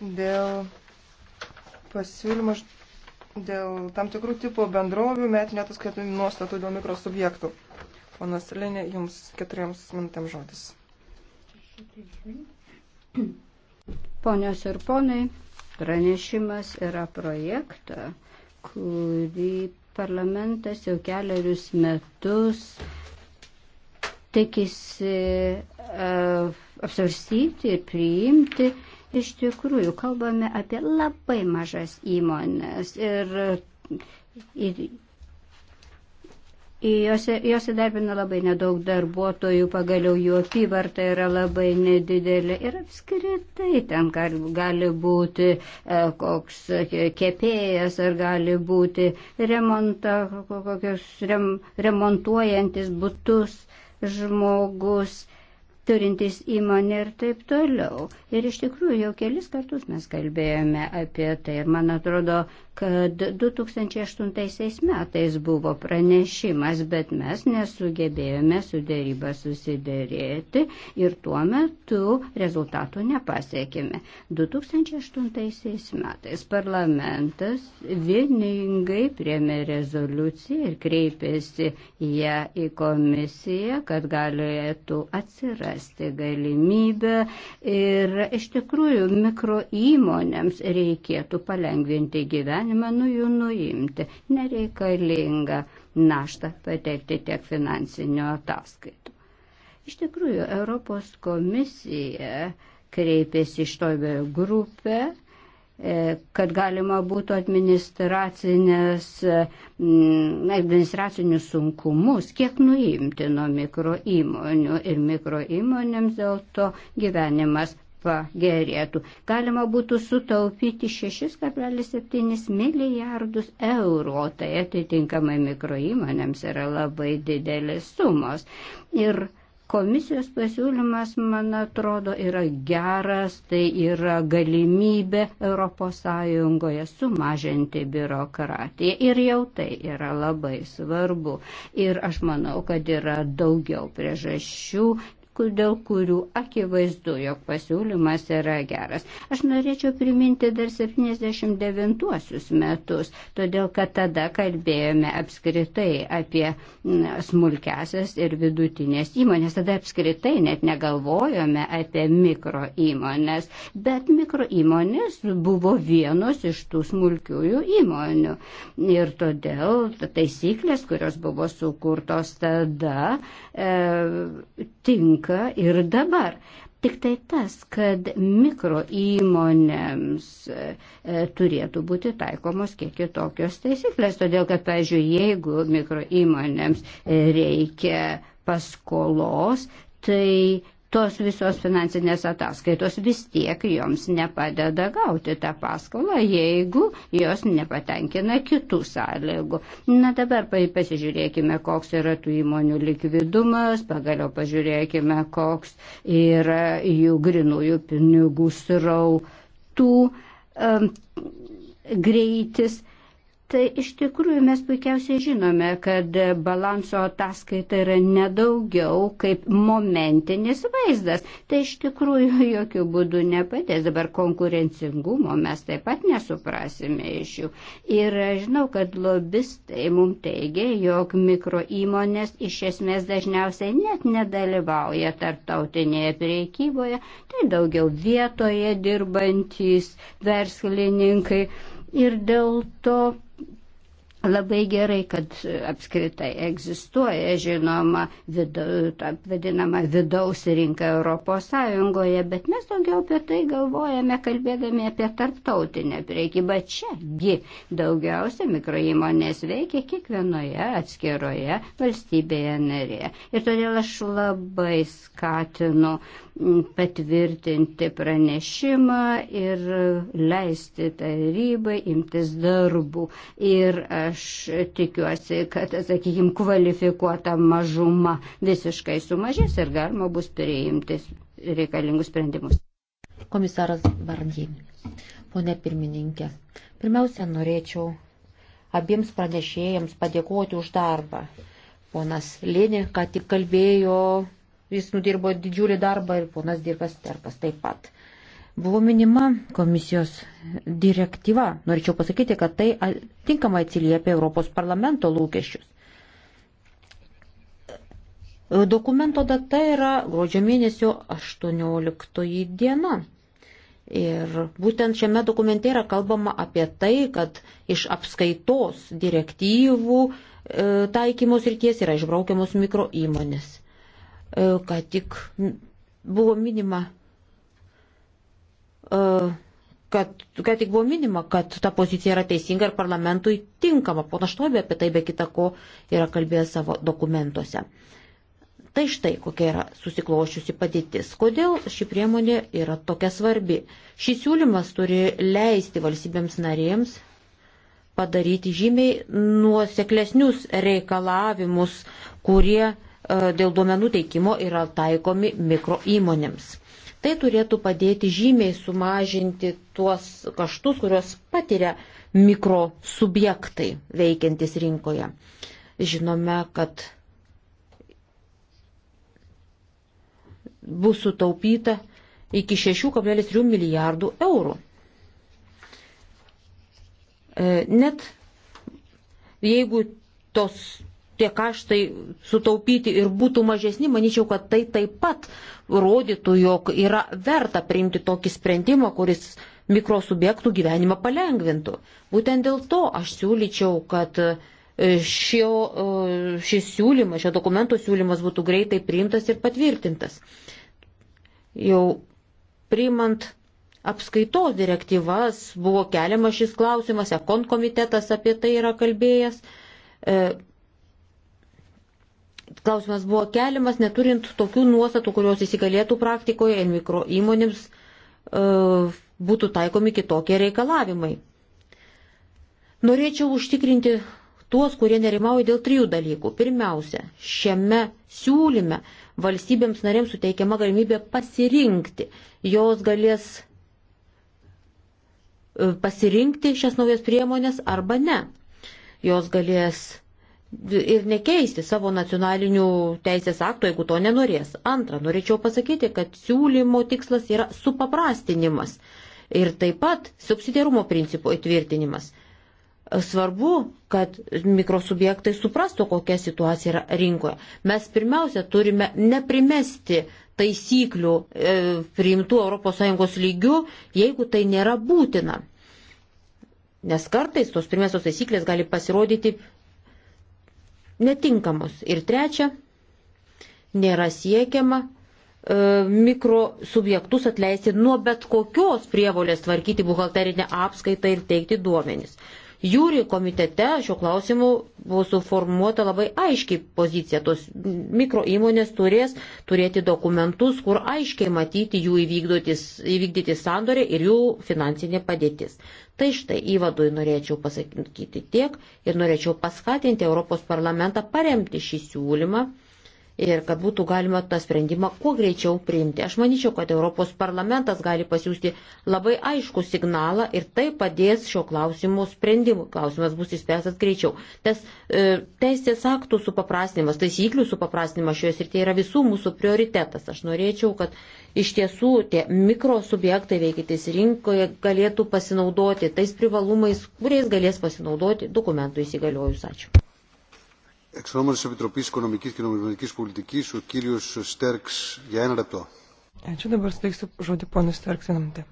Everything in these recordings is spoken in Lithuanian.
dėl pasiūlymų dėl tam tikrų tipų bendrovių metinio ataskaitų nuostatų dėl mikrosubjektų. Ponas Lenė, jums keturiems minutėms žodis. Ponios ir ponai, pranešimas yra projektą, kurį parlamentas jau keliarius metus tikisi uh, apsvarstyti ir priimti uh, Iš tikrųjų, kalbame apie labai mažas įmonės ir, ir Jos įdarbina labai nedaug darbuotojų, pagaliau jų apyvarta yra labai nedidelė ir apskritai ten gali būti e, koks kepėjas ar gali būti remonta, kokios rem, remontuojantis būtus žmogus turintys įmonė ir taip toliau. Ir iš tikrųjų jau kelis kartus mes kalbėjome apie tai ir man atrodo kad 2008 metais buvo pranešimas, bet mes nesugebėjome su dėryba susidėrėti ir tuo metu rezultatų nepasiekėme. 2008 metais parlamentas vieningai priemė rezoliuciją ir kreipėsi ją į komisiją, kad galėtų atsirasti galimybę ir iš tikrųjų mikro įmonėms reikėtų palengvinti gyvenimą galima nu jų nuimti, nereikalinga naštą patekti tiek finansinio ataskaitų. Iš tikrųjų, Europos komisija kreipėsi iš toje grupę, e, kad galima būtų mm, administracinius sunkumus, kiek nuimti nuo mikro įmonių ir mikro įmonėms dėl to gyvenimas pagerėtų. Galima būtų sutaupyti 6,7 milijardus eurų, tai atitinkamai mikroįmonėms yra labai didelės sumos. Ir komisijos pasiūlymas, man atrodo, yra geras, tai yra galimybė ES sumažinti biurokratiją ir jau tai yra labai svarbu. Ir aš manau, kad yra daugiau priežasčių dėl kurių akivaizdu, jog pasiūlymas yra geras. Aš norėčiau priminti dar 79 metus, todėl kad tada kalbėjome apskritai apie smulkesias ir vidutinės įmonės, tada apskritai net negalvojome apie mikro įmonės, bet mikro įmonės buvo vienos iš tų smulkiųjų įmonių. Ir todėl taisyklės, kurios buvo sukurtos tada, e, tinka tinka ir dabar. Tik tai tas, kad mikro įmonėms e, turėtų būti taikomos kiek kitokios taisyklės, todėl kad, pavyzdžiui, jeigu mikro įmonėms reikia paskolos, tai tos visos finansinės ataskaitos vis tiek joms nepadeda gauti tą paskolą, jeigu jos nepatenkina kitų sąlygų. Na dabar pasižiūrėkime, koks yra tų įmonių likvidumas, pagaliau pažiūrėkime, koks yra jų grinųjų pinigų srautų um, greitis. Tai iš tikrųjų mes puikiausiai žinome, kad balanso ataskaita yra nedaugiau kaip momentinis vaizdas. Tai iš tikrųjų jokių būdų nepadės. Dabar konkurencingumo mes taip pat nesuprasime iš jų. Ir žinau, kad lobistai mums teigia, jog mikro įmonės iš esmės dažniausiai net nedalyvauja tarptautinėje priekyboje. Tai daugiau vietoje dirbantys verslininkai. Ir dėl to Labai gerai, kad apskritai egzistuoja, žinoma, vidu, vadinama vidaus rinka Europos Sąjungoje, bet mes daugiau apie tai galvojame, kalbėdami apie tarptautinę priekybą. Čiagi daugiausia mikroįmonės veikia kiekvienoje atskiroje valstybėje narėje. Ir todėl aš labai skatinu patvirtinti pranešimą ir leisti tarybai imtis darbų. Ir aš tikiuosi, kad, sakykime, kvalifikuota mažuma visiškai sumažės ir galima bus priimti reikalingus sprendimus. Komisaras Barndy, ponė pirmininkė, pirmiausia, norėčiau abiems pranešėjams padėkoti už darbą. Ponas Lėnė, ką tik kalbėjo Jis nudirbo didžiulį darbą ir ponas Dirkas Terpas taip pat. Buvo minima komisijos direktyva. Norėčiau pasakyti, kad tai tinkamai atsiliepia Europos parlamento lūkesčius. Dokumento data yra gruodžio mėnesio 18 diena. Ir būtent šiame dokumente yra kalbama apie tai, kad iš apskaitos direktyvų e, taikymos ryties yra išbraukiamos mikro įmonės. E, ką tik buvo minima, e, kad, ką tik buvo minima, kad ta pozicija yra teisinga ir parlamentui tinkama. Pona Štobė apie tai be kita ko yra kalbėjęs savo dokumentuose. Tai štai kokia yra susiklošiusi padėtis. Kodėl ši priemonė yra tokia svarbi? Šis siūlymas turi leisti valstybėms narėms padaryti žymiai nuoseklesnius reikalavimus, kurie E, dėl duomenų teikimo yra taikomi mikro įmonėms. Tai turėtų padėti žymiai sumažinti tuos kaštus, kuriuos patiria mikro subjektai veikiantis rinkoje. Žinome, kad bus sutaupyta iki 6,3 milijardų eurų. E, net jeigu tos tie kaštai sutaupyti ir būtų mažesni, manyčiau, kad tai taip pat rodytų, jog yra verta priimti tokį sprendimą, kuris mikrosubjektų gyvenimą palengvintų. Būtent dėl to aš siūlyčiau, kad e, šio, e, šis siūlymas, šio dokumento siūlymas būtų greitai priimtas ir patvirtintas. Jau priimant apskaitos direktyvas buvo keliamas šis klausimas, ekon komitetas apie tai yra kalbėjęs. E, klausimas buvo keliamas, neturint tokių nuostatų, kurios įsigalėtų praktikoje ir mikro įmonėms e, būtų taikomi kitokie reikalavimai. Norėčiau užtikrinti tuos, kurie nerimauja dėl trijų dalykų. Pirmiausia, šiame siūlyme valstybėms narėms suteikiama galimybė pasirinkti. Jos galės e, pasirinkti šias naujas priemonės arba ne. Jos galės ir nekeisti savo nacionalinių teisės aktų, jeigu to nenorės. Antra, norėčiau pasakyti, kad siūlymo tikslas yra supaprastinimas ir taip pat subsidiarumo principų įtvirtinimas. Svarbu, kad mikrosubjektai suprastų, kokia situacija yra rinkoje. Mes pirmiausia turime neprimesti taisyklių e, priimtų ES lygių, jeigu tai nėra būtina. Nes kartais tos pirmiosios taisyklės gali pasirodyti netinkamos. Ir trečia, nėra siekiama e, mikrosubjektus atleisti nuo bet kokios prievolės tvarkyti buhalterinę apskaitą ir teikti duomenis. Jūri komitete šiuo klausimu buvo suformuota labai aiškiai pozicija. Tos mikro įmonės turės turėti dokumentus, kur aiškiai matyti jų įvykdyti sandorį ir jų finansinė padėtis. Tai štai įvadui norėčiau pasakyti tiek ir norėčiau paskatinti Europos parlamentą paremti šį siūlymą ir kad būtų galima tą sprendimą kuo greičiau priimti. Aš manyčiau, kad Europos parlamentas gali pasiūsti labai aišku signalą ir tai padės šio klausimo sprendimui. Klausimas bus įspręstas greičiau. Tas e, teisės aktų supaprastinimas, taisyklių supaprastinimas šioje srityje yra visų mūsų prioritetas. Aš norėčiau, kad iš tiesų tie mikrosubjektai veikiantis rinkoje galėtų pasinaudoti tais privalumais, kuriais galės pasinaudoti dokumentų įsigaliojus. Ačiū. Εξ ονόματος της Επιτροπής Οικονομικής και Νομισματικής Πολιτικής, ο κύριος Στέρξ, για ένα λεπτό. Ačiū, dabar suteiksiu žodį ponui Starks minutę.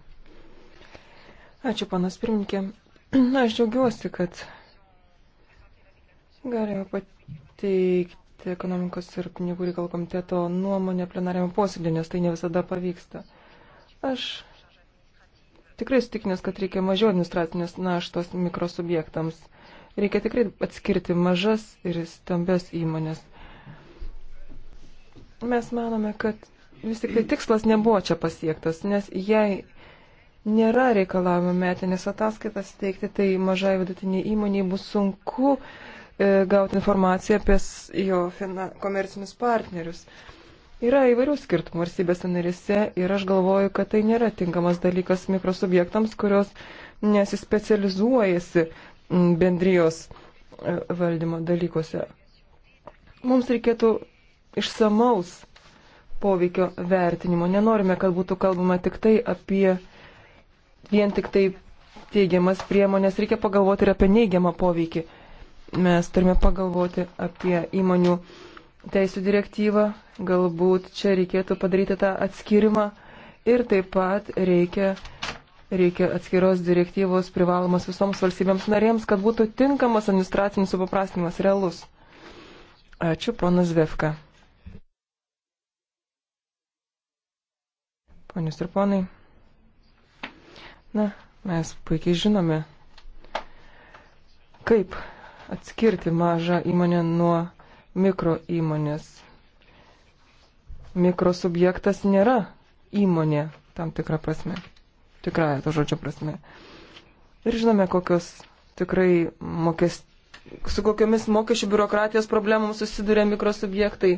Ačiū, panas pirmininkė. Na, aš džiaugiuosi, kad galėjau pateikti ekonomikos ir pinigų reikalų komiteto nuomonę plenariame posėdė, nes tai ne visada pavyksta. Aš tikrai sutikinęs, kad reikia mažiau administracinės naštos mikrosubjektams. Reikia tikrai atskirti mažas ir stambias įmonės. Mes manome, kad vis tik tai tikslas nebuvo čia pasiektas, nes jei nėra reikalavimo metinės ataskaitas teikti, tai mažai vidutiniai įmoniai bus sunku e, gauti informaciją apie jo fina, komercinius partnerius. Yra įvairių skirtumų valstybės narėse ir aš galvoju, kad tai nėra tinkamas dalykas mikrosubjektams, kurios nesispecializuojasi bendrijos e, valdymo dalykuose. Mums reikėtų išsamaus poveikio vertinimo. Nenorime, kad būtų kalbama tik tai apie vien tik tai teigiamas priemonės. Reikia pagalvoti ir apie neigiamą poveikį. Mes turime pagalvoti apie įmonių teisų direktyvą. Galbūt čia reikėtų padaryti tą atskirimą. Ir taip pat reikia reikia atskiros direktyvos privalomos visoms valstybėms narėms, kad būtų tinkamas administracinis supaprastinimas realus. Ačiū, ponas Vefka. Ponius ir ponai. Na, mes puikiai žinome, kaip atskirti mažą įmonę nuo mikro įmonės. Mikrosubjektas nėra įmonė tam tikrą prasme tikrąją to žodžio prasme. Ir žinome, kokios tikrai mokes, su kokiamis mokesčių biurokratijos problemams susiduria mikrosubjektai.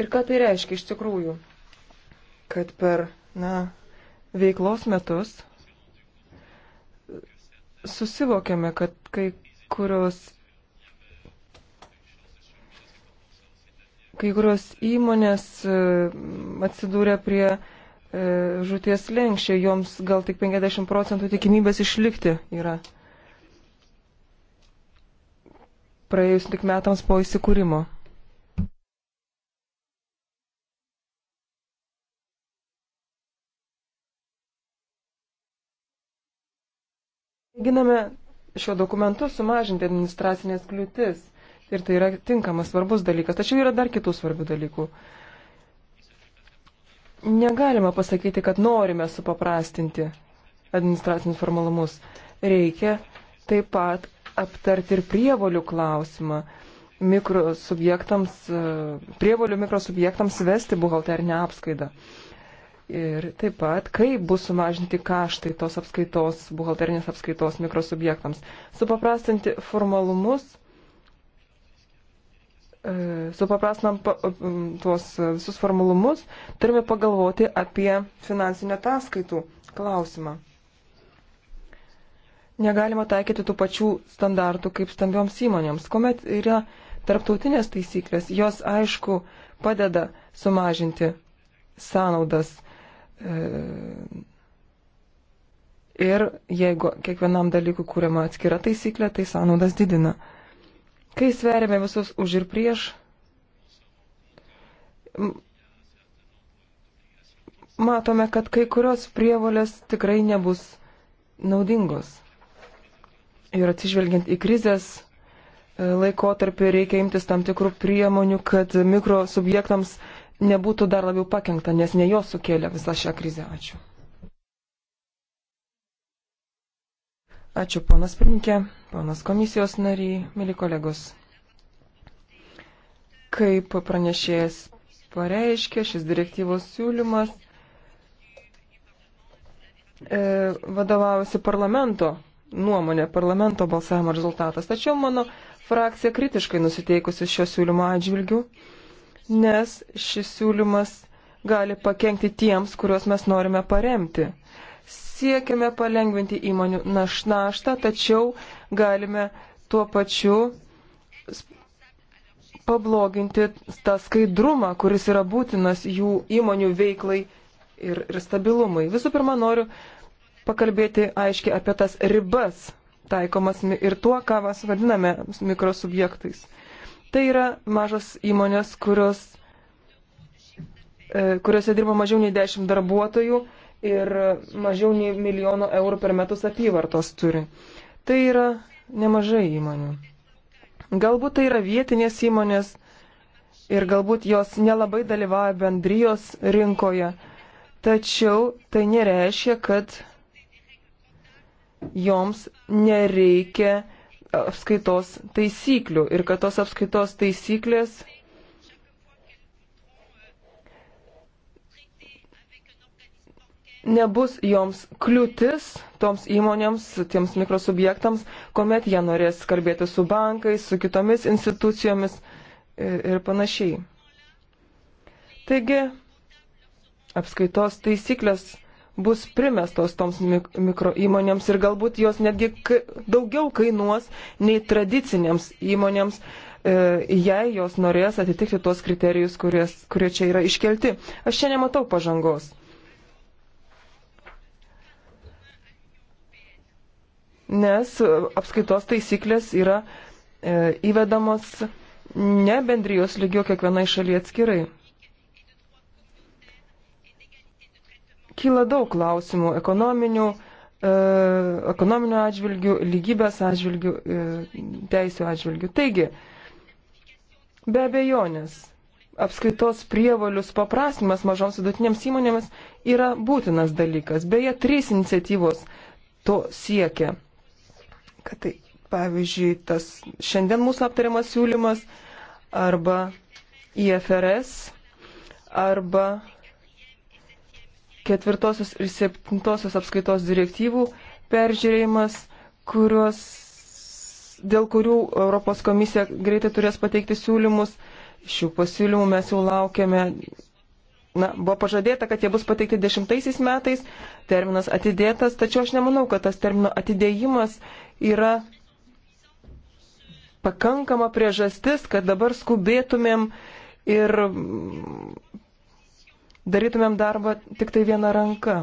Ir ką tai reiškia iš tikrųjų? Kad per, na, veiklos metus susivokėme, kad kai kurios kai kurios įmonės e, atsidūrė prie E, žūties lenkščio, joms gal tik 50 procentų tikimybės išlikti yra. Praėjus tik metams po įsikūrimo. Giname šio dokumentu sumažinti administracinės kliūtis ir tai yra tinkamas svarbus dalykas, tačiau yra dar kitų svarbių dalykų. Negalima pasakyti, kad norime supaprastinti administracinius formalumus. Reikia taip pat aptarti ir prievolių klausimą. Mikrosubjektams, e, prievolių mikrosubjektams vesti buhalterinę apskaitą. Ir taip pat, kaip bus sumažinti kaštai tos apskaitos, buhalterinės apskaitos mikrosubjektams. Supaprastinti formalumus E, supaprastinam e, tuos visus formulumus, turime pagalvoti apie finansinio ataskaitų klausimą. Negalima taikyti tų pačių standartų kaip stambioms įmonėms. Komet yra tarptautinės taisyklės, jos aišku padeda sumažinti sąnaudas. E, ir jeigu kiekvienam dalykui kūriama atskira taisyklė, tai sąnaudas didina. Kai sveriame visus už ir prieš, matome, kad kai kurios prievolės tikrai nebus naudingos. Ir atsižvelgiant į krizės e, laikotarpį reikia imtis tam tikrų priemonių, kad mikro subjektams nebūtų dar labiau pakengta, nes ne jos sukėlė visą šią krizę. Ačiū. Ačiū, ponas pirmininkė panas komisijos nariai, mėly kolegos. Kaip pranešėjas pareiškė, šis direktyvos siūlymas e, vadovavosi parlamento nuomonė, parlamento balsavimo rezultatas. Tačiau mano frakcija kritiškai nusiteikusi šio siūlymo atžvilgių, nes šis siūlymas gali pakengti tiems, kuriuos mes norime paremti. Siekiame palengvinti įmonių naštą, tačiau galime tuo pačiu pabloginti tą skaidrumą, kuris yra būtinas jų įmonių veiklai ir, ir stabilumui. Visų pirma, noriu pakalbėti aiškiai apie tas ribas taikomas ir tuo, ką mes vadiname mikrosubjektais. Tai yra mažos įmonės, kurios, e, kuriuose dirba mažiau nei 10 darbuotojų ir mažiau nei milijono eurų per metus apyvartos turi. Tai yra nemažai įmonių. Galbūt tai yra vietinės įmonės ir galbūt jos nelabai dalyvauja bendrijos rinkoje, tačiau tai nereiškia, kad joms nereikia apskaitos taisyklių ir kad tos apskaitos taisyklės nebus joms kliūtis toms įmonėms, tiems mikrosubjektams, kuomet jie norės kalbėti su bankais, su kitomis institucijomis e, ir panašiai. Taigi, apskaitos taisyklės bus primestos toms mikro įmonėms ir galbūt jos netgi daugiau kainuos nei tradicinėms įmonėms, e, jei jos norės atitikti tuos kriterijus, kurie, kurie čia yra iškelti. Aš čia nematau pažangos. nes apskaitos taisyklės yra e, įvedamos ne bendrijos lygio kiekvienai šaliai atskirai. Kyla daug klausimų ekonominių, e, ekonominių atžvilgių, lygybės atžvilgių, e, teisų atžvilgių. Taigi, be abejonės, apskaitos prievalius paprastinimas mažoms vidutinėms įmonėms yra būtinas dalykas. Beje, trys iniciatyvos to siekia kad tai, pavyzdžiui, tas šiandien mūsų aptariamas siūlymas arba IFRS arba ketvirtosios ir septintosios apskaitos direktyvų peržiūrėjimas, kurios, dėl kurių Europos komisija greitai turės pateikti siūlymus. Šių pasiūlymų mes jau laukiame. Na, buvo pažadėta, kad jie bus pateikti dešimtaisiais metais, terminas atidėtas, tačiau aš nemanau, kad tas termino atidėjimas yra pakankama priežastis, kad dabar skubėtumėm ir darytumėm darbą tik tai vieną ranką.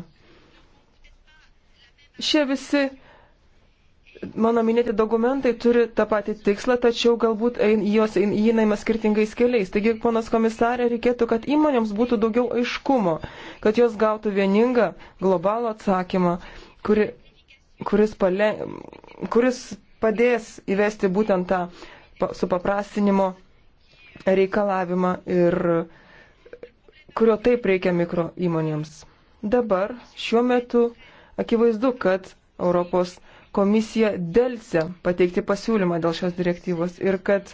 Šie visi mano minėti dokumentai turi tą patį tikslą, tačiau galbūt ein, jos įnaima skirtingais keliais. Taigi, ponas komisarė, reikėtų, kad įmonėms būtų daugiau aiškumo, kad jos gautų vieningą globalų atsakymą, kuri, kuris pale, kuris padės įvesti būtent tą supaprastinimo reikalavimą ir kurio taip reikia mikro įmonėms. Dabar šiuo metu akivaizdu, kad Europos komisija dėlse pateikti pasiūlymą dėl šios direktyvos ir kad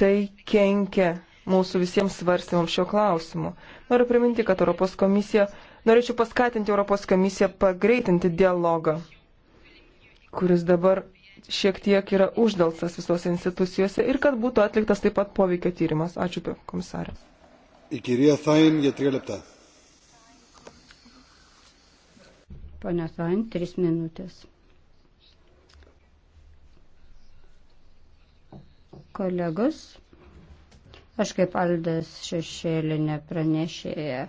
tai kenkia mūsų visiems svarstymams šio klausimu. Noriu priminti, kad Europos komisija, norėčiau paskatinti Europos komisiją pagreitinti dialogą kuris dabar šiek tiek yra uždelstas visose institucijose ir kad būtų atliktas taip pat poveikio tyrimas. Ačiū, komisarė. Į kiriją Thain, jie trijų leptą. Pane Thain, tris minutės. Kolegos, aš kaip Aldas šešėlinė pranešėja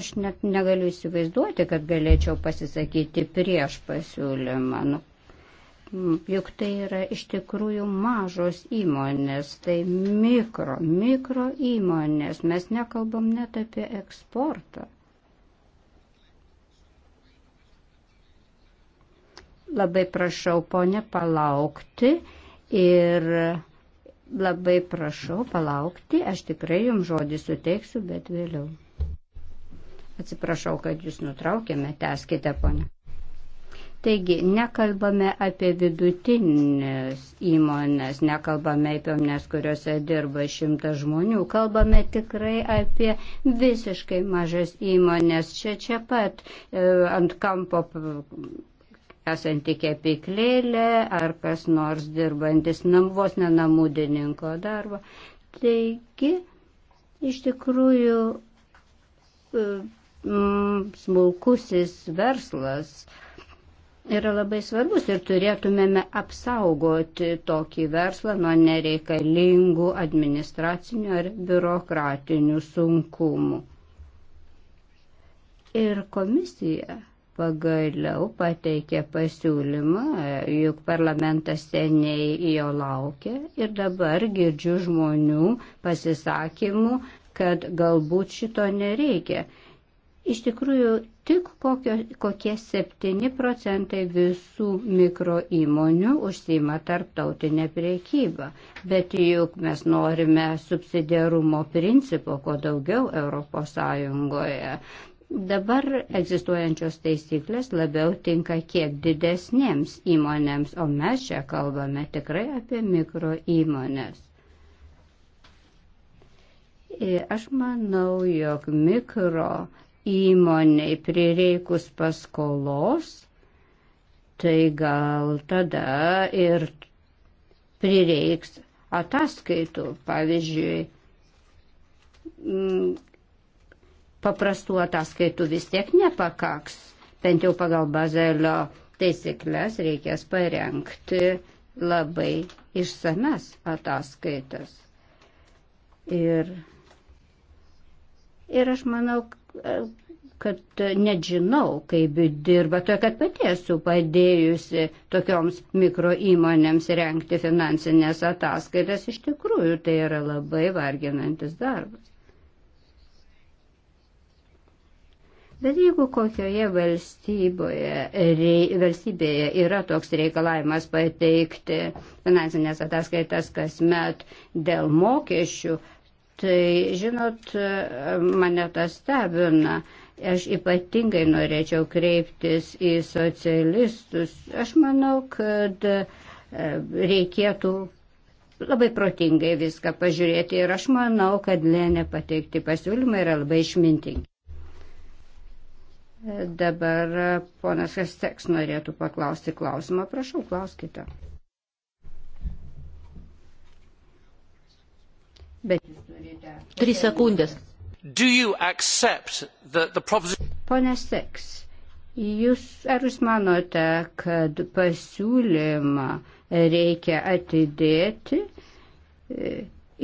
aš net negaliu įsivaizduoti, kad galėčiau pasisakyti prieš pasiūlymą. Nu, juk tai yra iš tikrųjų mažos įmonės, tai mikro, mikro įmonės, mes nekalbam net apie eksportą. Labai prašau, ponė, palaukti ir labai prašau palaukti, aš tikrai jums žodį suteiksiu, bet vėliau. Atsiprašau, kad jūs nutraukėme, teskite, ponė. Taigi, nekalbame apie vidutinės įmonės, nekalbame apie įmonės, kuriuose dirba šimtas žmonių, kalbame tikrai apie visiškai mažas įmonės. Čia čia pat e, ant kampo esanti kepiklėlė ar kas nors dirbantis nam, vos ne namudininko darbą. Taigi, iš tikrųjų, e, smulkusis verslas, yra labai svarbus ir turėtumėme apsaugoti tokį verslą nuo nereikalingų administracinių ar biurokratinių sunkumų. Ir komisija pagaliau pateikė pasiūlymą, juk parlamentas seniai jo laukė ir dabar girdžiu žmonių pasisakymų, kad galbūt šito nereikia. Iš tikrųjų, tik kokio, kokie 7 procentai visų mikro įmonių užsima tarptautinę priekybą. Bet juk mes norime subsidiarumo principo, ko daugiau ES. Dabar egzistuojančios taisyklės labiau tinka kiek didesnėms įmonėms, o mes čia kalbame tikrai apie mikro įmonės. E, aš manau, jog mikro įmoniai prireikus paskolos, tai gal tada ir prireiks ataskaitų, pavyzdžiui, mm, paprastų ataskaitų vis tiek nepakaks, bent jau pagal bazelio taisyklės reikės parengti labai išsames ataskaitas. Ir, ir aš manau, kad nežinau, kaip dirba, to kad pati esu padėjusi tokioms mikro įmonėms renkti finansinės ataskaitas, iš tikrųjų tai yra labai varginantis darbas. Bet jeigu kokioje valstybėje yra toks reikalavimas pateikti finansinės ataskaitas kasmet dėl mokesčių, Tai, žinot, mane tas stebina. Aš ypatingai norėčiau kreiptis į socialistus. Aš manau, kad e, reikėtų labai protingai viską pažiūrėti ir aš manau, kad Lenė pateikti pasiūlymai yra labai išmintingi. Dabar ponas Hasteks norėtų paklausti klausimą. Prašau, klauskite. Bet jūs turite. Tris sekundės. Proposition... Pone Seks, jūs ar jūs manote, kad pasiūlymą reikia atidėti e,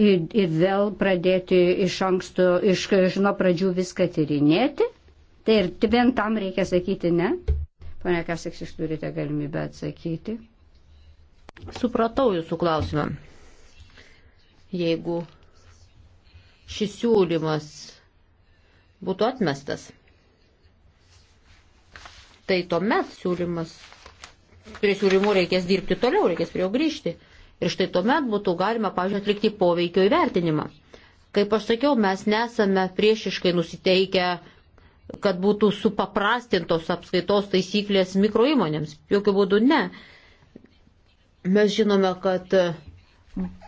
ir, ir vėl pradėti iš anksto, iš, iš nuo pradžių viską tyrinėti? Tai ir vien tam reikia sakyti ne? Pane Kaseks, jūs turite galimybę atsakyti. Supratau jūsų klausimą. Jeigu šis siūlymas būtų atmestas, tai tuomet siūlymas, prie siūlymų reikės dirbti toliau, reikės prie jo grįžti. Ir štai tuomet būtų galima, pažiūrėjau, atlikti poveikio įvertinimą. Kaip aš sakiau, mes nesame priešiškai nusiteikę, kad būtų supaprastintos apskaitos taisyklės mikroįmonėms. Jokių būdų ne. Mes žinome, kad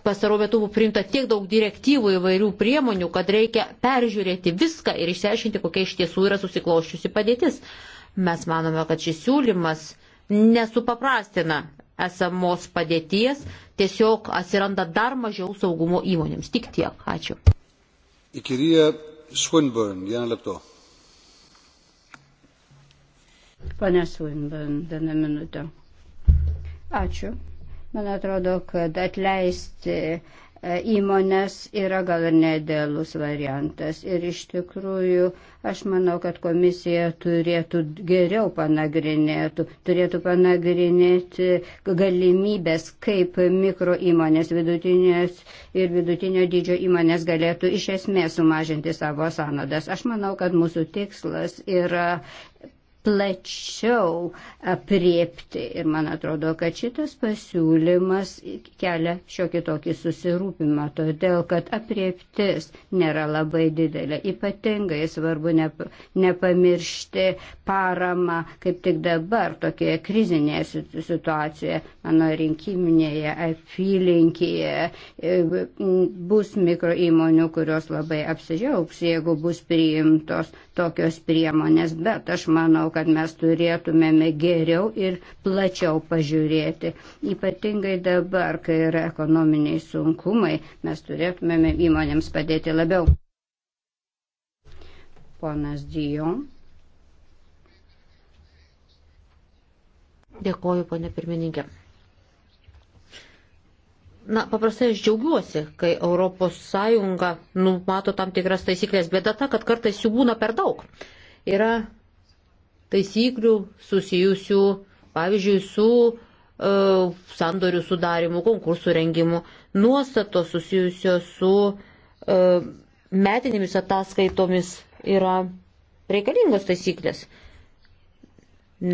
pastarų metų buvo priimta tiek daug direktyvų įvairių priemonių, kad reikia peržiūrėti viską ir išsiaiškinti, kokia iš tiesų yra susikloščiusi padėtis. Mes manome, kad šis siūlymas nesupaprastina esamos padėties, tiesiog atsiranda dar mažiau saugumo įmonėms. Tik tiek. Ačiū. Ikirija Swinburne, vieną lepto. Pane Swinburne, vieną minutę. Ačiū. Man atrodo, kad atleisti e, įmonės yra gal ir nedėlus variantas. Ir iš tikrųjų, aš manau, kad komisija turėtų geriau panagrinėtų, turėtų panagrinėti galimybės, kaip mikro įmonės, vidutinės ir vidutinio dydžio įmonės galėtų iš esmės sumažinti savo sąnadas. Aš manau, kad mūsų tikslas yra plačiau apriepti. Ir man atrodo, kad šitas pasiūlymas kelia šiokį tokį susirūpimą, todėl kad aprieptis nėra labai didelė. Ypatingai svarbu nepamiršti paramą, kaip tik dabar tokioje krizinėje situacijoje, mano rinkiminėje apylinkėje e, bus mikro įmonių, kurios labai apsižiaugs, jeigu bus priimtos tokios priemonės. Bet aš manau, kad mes turėtumėme geriau ir plačiau pažiūrėti. Ypatingai dabar, kai yra ekonominiai sunkumai, mes turėtumėme įmonėms padėti labiau. Ponas Dijon. Dėkoju, ponė pirmininkė. Na, paprastai aš džiaugiuosi, kai ES numato tam tikras taisyklės, bet ta, kad kartais jų būna per daug. Yra taisyklių susijusių, pavyzdžiui, su uh, sandorių sudarimu, konkursų rengimu, nuostatos susijusios su uh, metinėmis ataskaitomis yra reikalingos taisyklės,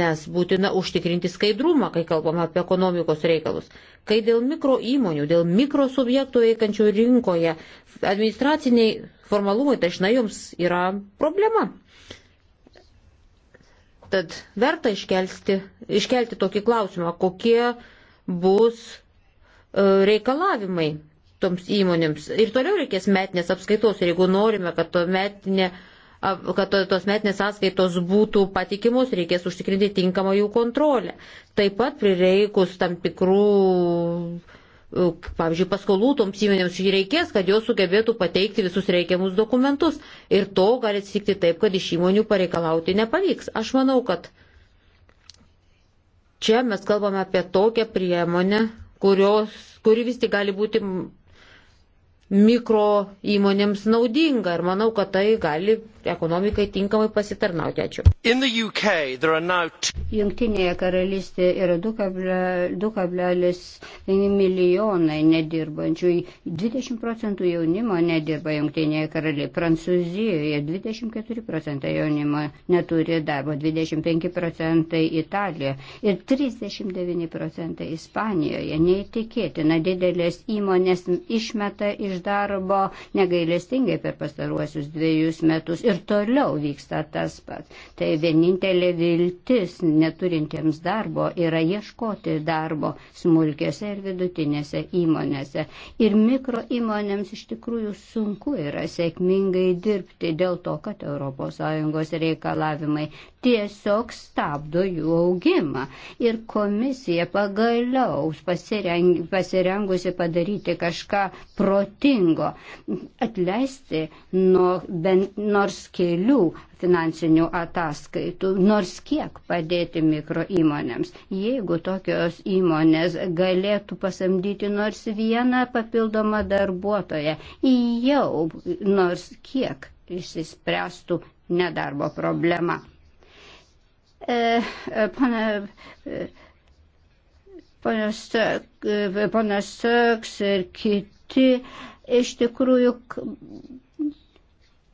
nes būtina užtikrinti skaidrumą, kai kalbame apie ekonomikos reikalus. Kai dėl mikro įmonių, dėl mikro subjektų veikiančių rinkoje administraciniai formalumai dažnai joms yra problema. Tad verta iškelti, iškelti tokį klausimą, kokie bus e, reikalavimai toms įmonėms. Ir toliau reikės metinės apskaitos ir jeigu norime, kad, to metinė, kad tos metinės sąskaitos būtų patikimus, reikės užtikrinti tinkamą jų kontrolę. Taip pat prireikus tam tikrų E, pavyzdžiui, paskolų toms įmonėms reikės, kad jos sugebėtų pateikti visus reikiamus dokumentus. Ir to gali atsitikti taip, kad iš įmonių pareikalauti nepavyks. Aš manau, kad čia mes kalbame apie tokią priemonę, kurios, kuri vis tik gali būti mikro įmonėms naudinga. Ir manau, kad tai gali ekonomikai tinkamai pasitarnauti. Ačiū. Now... Jungtinėje karalystėje yra 2,1 milijonai nedirbančių. 20 procentų jaunimo nedirba Jungtinėje karalystėje. Prancūzijoje 24 procentai jaunimo neturi darbo, 25 procentai Italijoje ir 39 procentai Ispanijoje. Neįtikėtina, didelės įmonės išmeta iš darbo negailestingai per pastaruosius dviejus metus ir toliau vyksta tas pats. Tai vienintelė viltis neturintiems darbo yra ieškoti darbo smulkėse ir vidutinėse įmonėse. Ir mikro įmonėms iš tikrųjų sunku yra sėkmingai dirbti dėl to, kad ES reikalavimai tiesiog stabdo jų augimą. Ir komisija pagaliau pasireng, pasirengusi padaryti kažką protingo, atleisti nuo, ben, nors nors kelių finansinių ataskaitų, nors kiek padėti mikro įmonėms. Jeigu tokios įmonės galėtų pasamdyti nors vieną papildomą darbuotoją, jau nors kiek išsispręstų nedarbo problema. E, e pana, e, ponas Saks e, ir kiti iš tikrųjų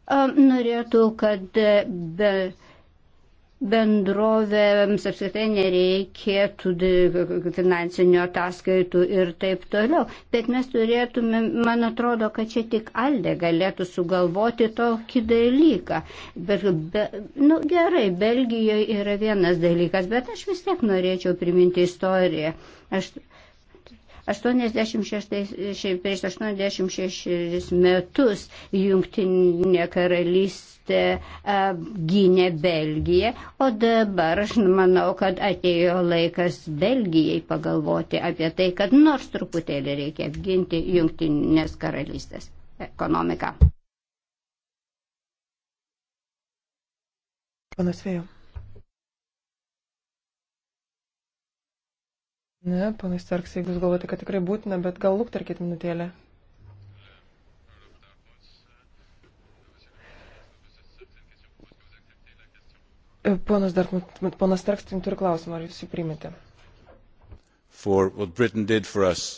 norėtų, kad e, be bendrovėms apskritai nereikėtų finansinių ataskaitų ir taip toliau. Bet mes turėtume, man atrodo, kad čia tik Aldė galėtų sugalvoti tokį dalyką. Bet, be, nu, gerai, Belgijoje yra vienas dalykas, bet aš vis tiek norėčiau priminti istoriją. Aš 86, prieš 86 metus Junktinė karalystė e, gynė Belgiją, o dabar aš manau, kad atėjo laikas Belgijai pagalvoti apie tai, kad nors truputėlį reikia apginti Junktinės karalystės ekonomiką. Panas Vėjo. Ne, panas Tarks, jeigu jūs galvojate, kad tikrai būtina, bet gal luktarkit minutėlę. E, ponas, dar, ponas Tarks, tai jums turiu klausimą, ar jūs jį primite? For what Britain did for us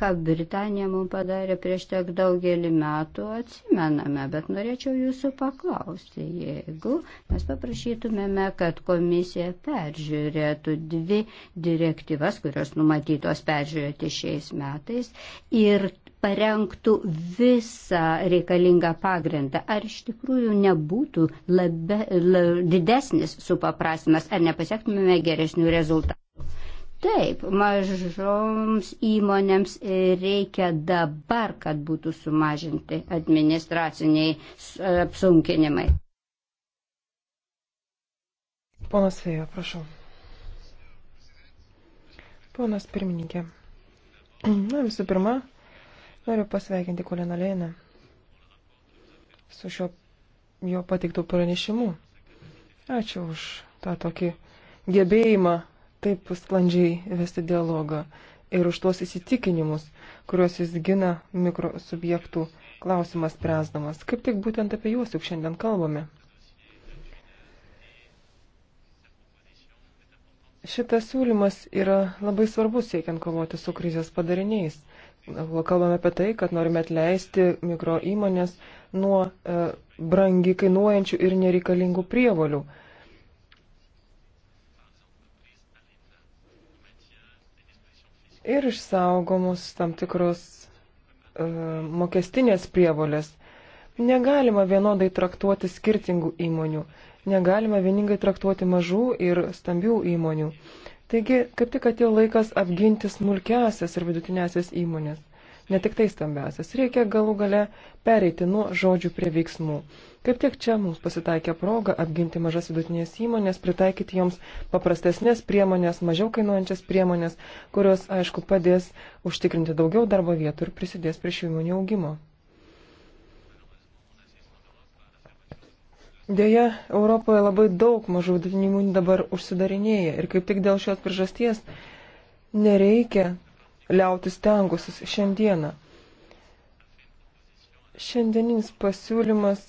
ką Britanija mums padarė prieš tiek daugelį metų, atsimename, bet norėčiau jūsų paklausti, jeigu mes paprašytumėme, kad komisija peržiūrėtų dvi direktyvas, kurios numatytos peržiūrėti šiais metais ir parengtų visą reikalingą pagrindą, ar iš tikrųjų nebūtų labe, la, didesnis supaprasimas, ar nepasiektumėme geresnių rezultatų. Taip, mažoms įmonėms reikia dabar, kad būtų sumažinti administraciniai e, apsunkinimai. Ponas Fejo, prašau. Ponas pirmininkė. Na, visų pirma, noriu pasveikinti Kolina Leiną su šio jo pateiktų pranešimu. Ačiū už tą tokį gebėjimą taip sklandžiai vesti dialogą ir už tuos įsitikinimus, kuriuos jis gina mikrosubjektų klausimas spręsdamas. Kaip tik būtent apie juos juk šiandien kalbame. Šitas siūlymas yra labai svarbus siekiant kovoti su krizės padariniais. Kalbame apie tai, kad norime atleisti mikro įmonės nuo e, brangi kainuojančių ir nereikalingų prievolių. E, ir išsaugomus tam tikrus e, mokestinės prievolės. Negalima vienodai traktuoti skirtingų įmonių, negalima vieningai traktuoti mažų ir stambių įmonių. Taigi, kaip tik atėjo laikas apginti smulkesias ir vidutinesias įmonės ne tik tai stambiasias. Reikia galų gale pereiti nuo žodžių prie veiksmų. Kaip tik čia mums pasitaikė proga apginti mažas vidutinės įmonės, pritaikyti joms paprastesnės priemonės, mažiau kainuojančias priemonės, kurios, aišku, padės užtikrinti daugiau darbo vietų ir prisidės prie šių įmonių augimo. Deja, Europoje labai daug mažų vidutinių įmonių dabar užsidarinėja ir kaip tik dėl šios priežasties nereikia liautis tengusis šiandieną. Šiandieninis pasiūlymas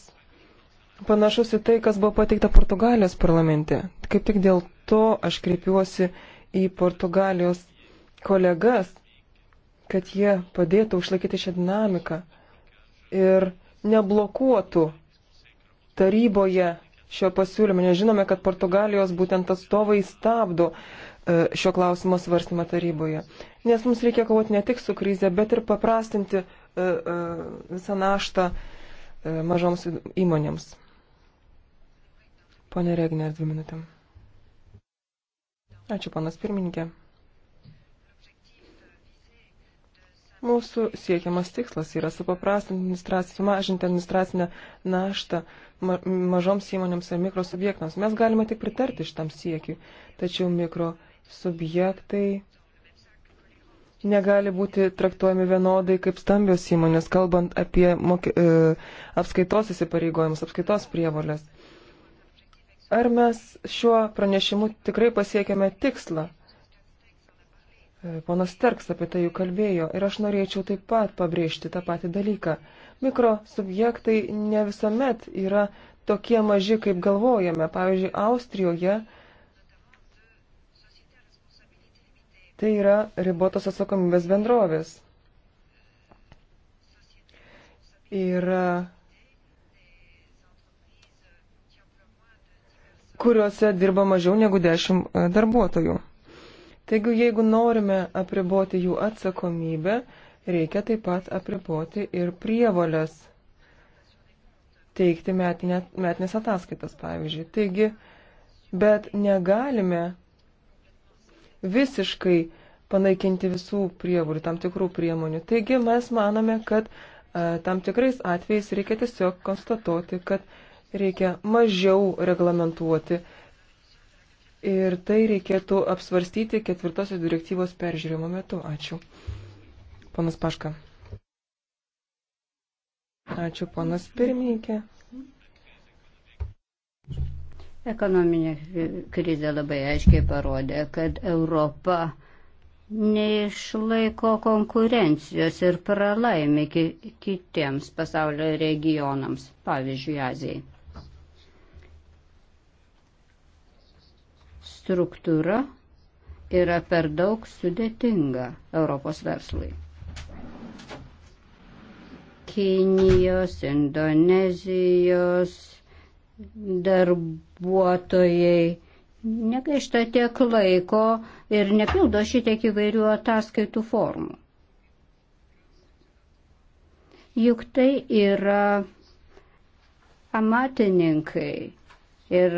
panašus į tai, kas buvo pateikta Portugalijos parlamente. Kaip tik dėl to aš kreipiuosi į Portugalijos kolegas, kad jie padėtų užlaikyti šią dinamiką ir neblokuotų taryboje šio pasiūlymo. Nežinome, kad Portugalijos būtent atstovai stabdo E, šio klausimo svarstymą taryboje. Nes mums reikia kovoti ne tik su krize, bet ir paprastinti e, e, visą naštą mažoms įmonėms. Pone Regner, dvi minutėm. Ačiū, panas pirmininkė. Mūsų siekiamas tikslas yra supaprastinti administraciją, sumažinti administracinę naštą ma mažoms įmonėms ir mikrosubjektams. Mes galime tik pritarti šitam siekiui, tačiau mikro subjektai negali būti traktuojami vienodai kaip stambios įmonės, kalbant apie mokė, e, apskaitos įsipareigojimus, apskaitos prievolės. Ar mes šiuo pranešimu tikrai pasiekėme tikslą? E, ponas Terks apie tai jau kalbėjo ir aš norėčiau taip pat pabrėžti tą patį dalyką. Mikrosubjektai ne visuomet yra tokie maži, kaip galvojame. Pavyzdžiui, Austrijoje Tai yra ribotos atsakomybės bendrovės. Ir kuriuose dirba mažiau negu 10 e, darbuotojų. Taigi, jeigu norime apriboti jų atsakomybę, reikia taip pat apriboti ir prievolės teikti metinė, metinės ataskaitas, pavyzdžiui. Taigi, bet negalime visiškai panaikinti visų prievolių, tam tikrų priemonių. Taigi mes manome, kad a, e, tam tikrais atvejais reikia tiesiog konstatuoti, kad reikia mažiau reglamentuoti. Ir tai reikėtų apsvarstyti ketvirtosios direktyvos peržiūrimo metu. Ačiū. Ponas Paška. Ačiū, ponas pirmininkė. Ekonominė krizė labai aiškiai parodė, kad Europa neišlaiko konkurencijos ir pralaimi ki kitiems pasaulio regionams, pavyzdžiui, Azijai. Struktūra yra per daug sudėtinga Europos verslui. Kinijos, Indonezijos, darbuotojai negaišta tiek laiko ir nepildo šitiek įvairių ataskaitų formų. Juk tai yra amatininkai ir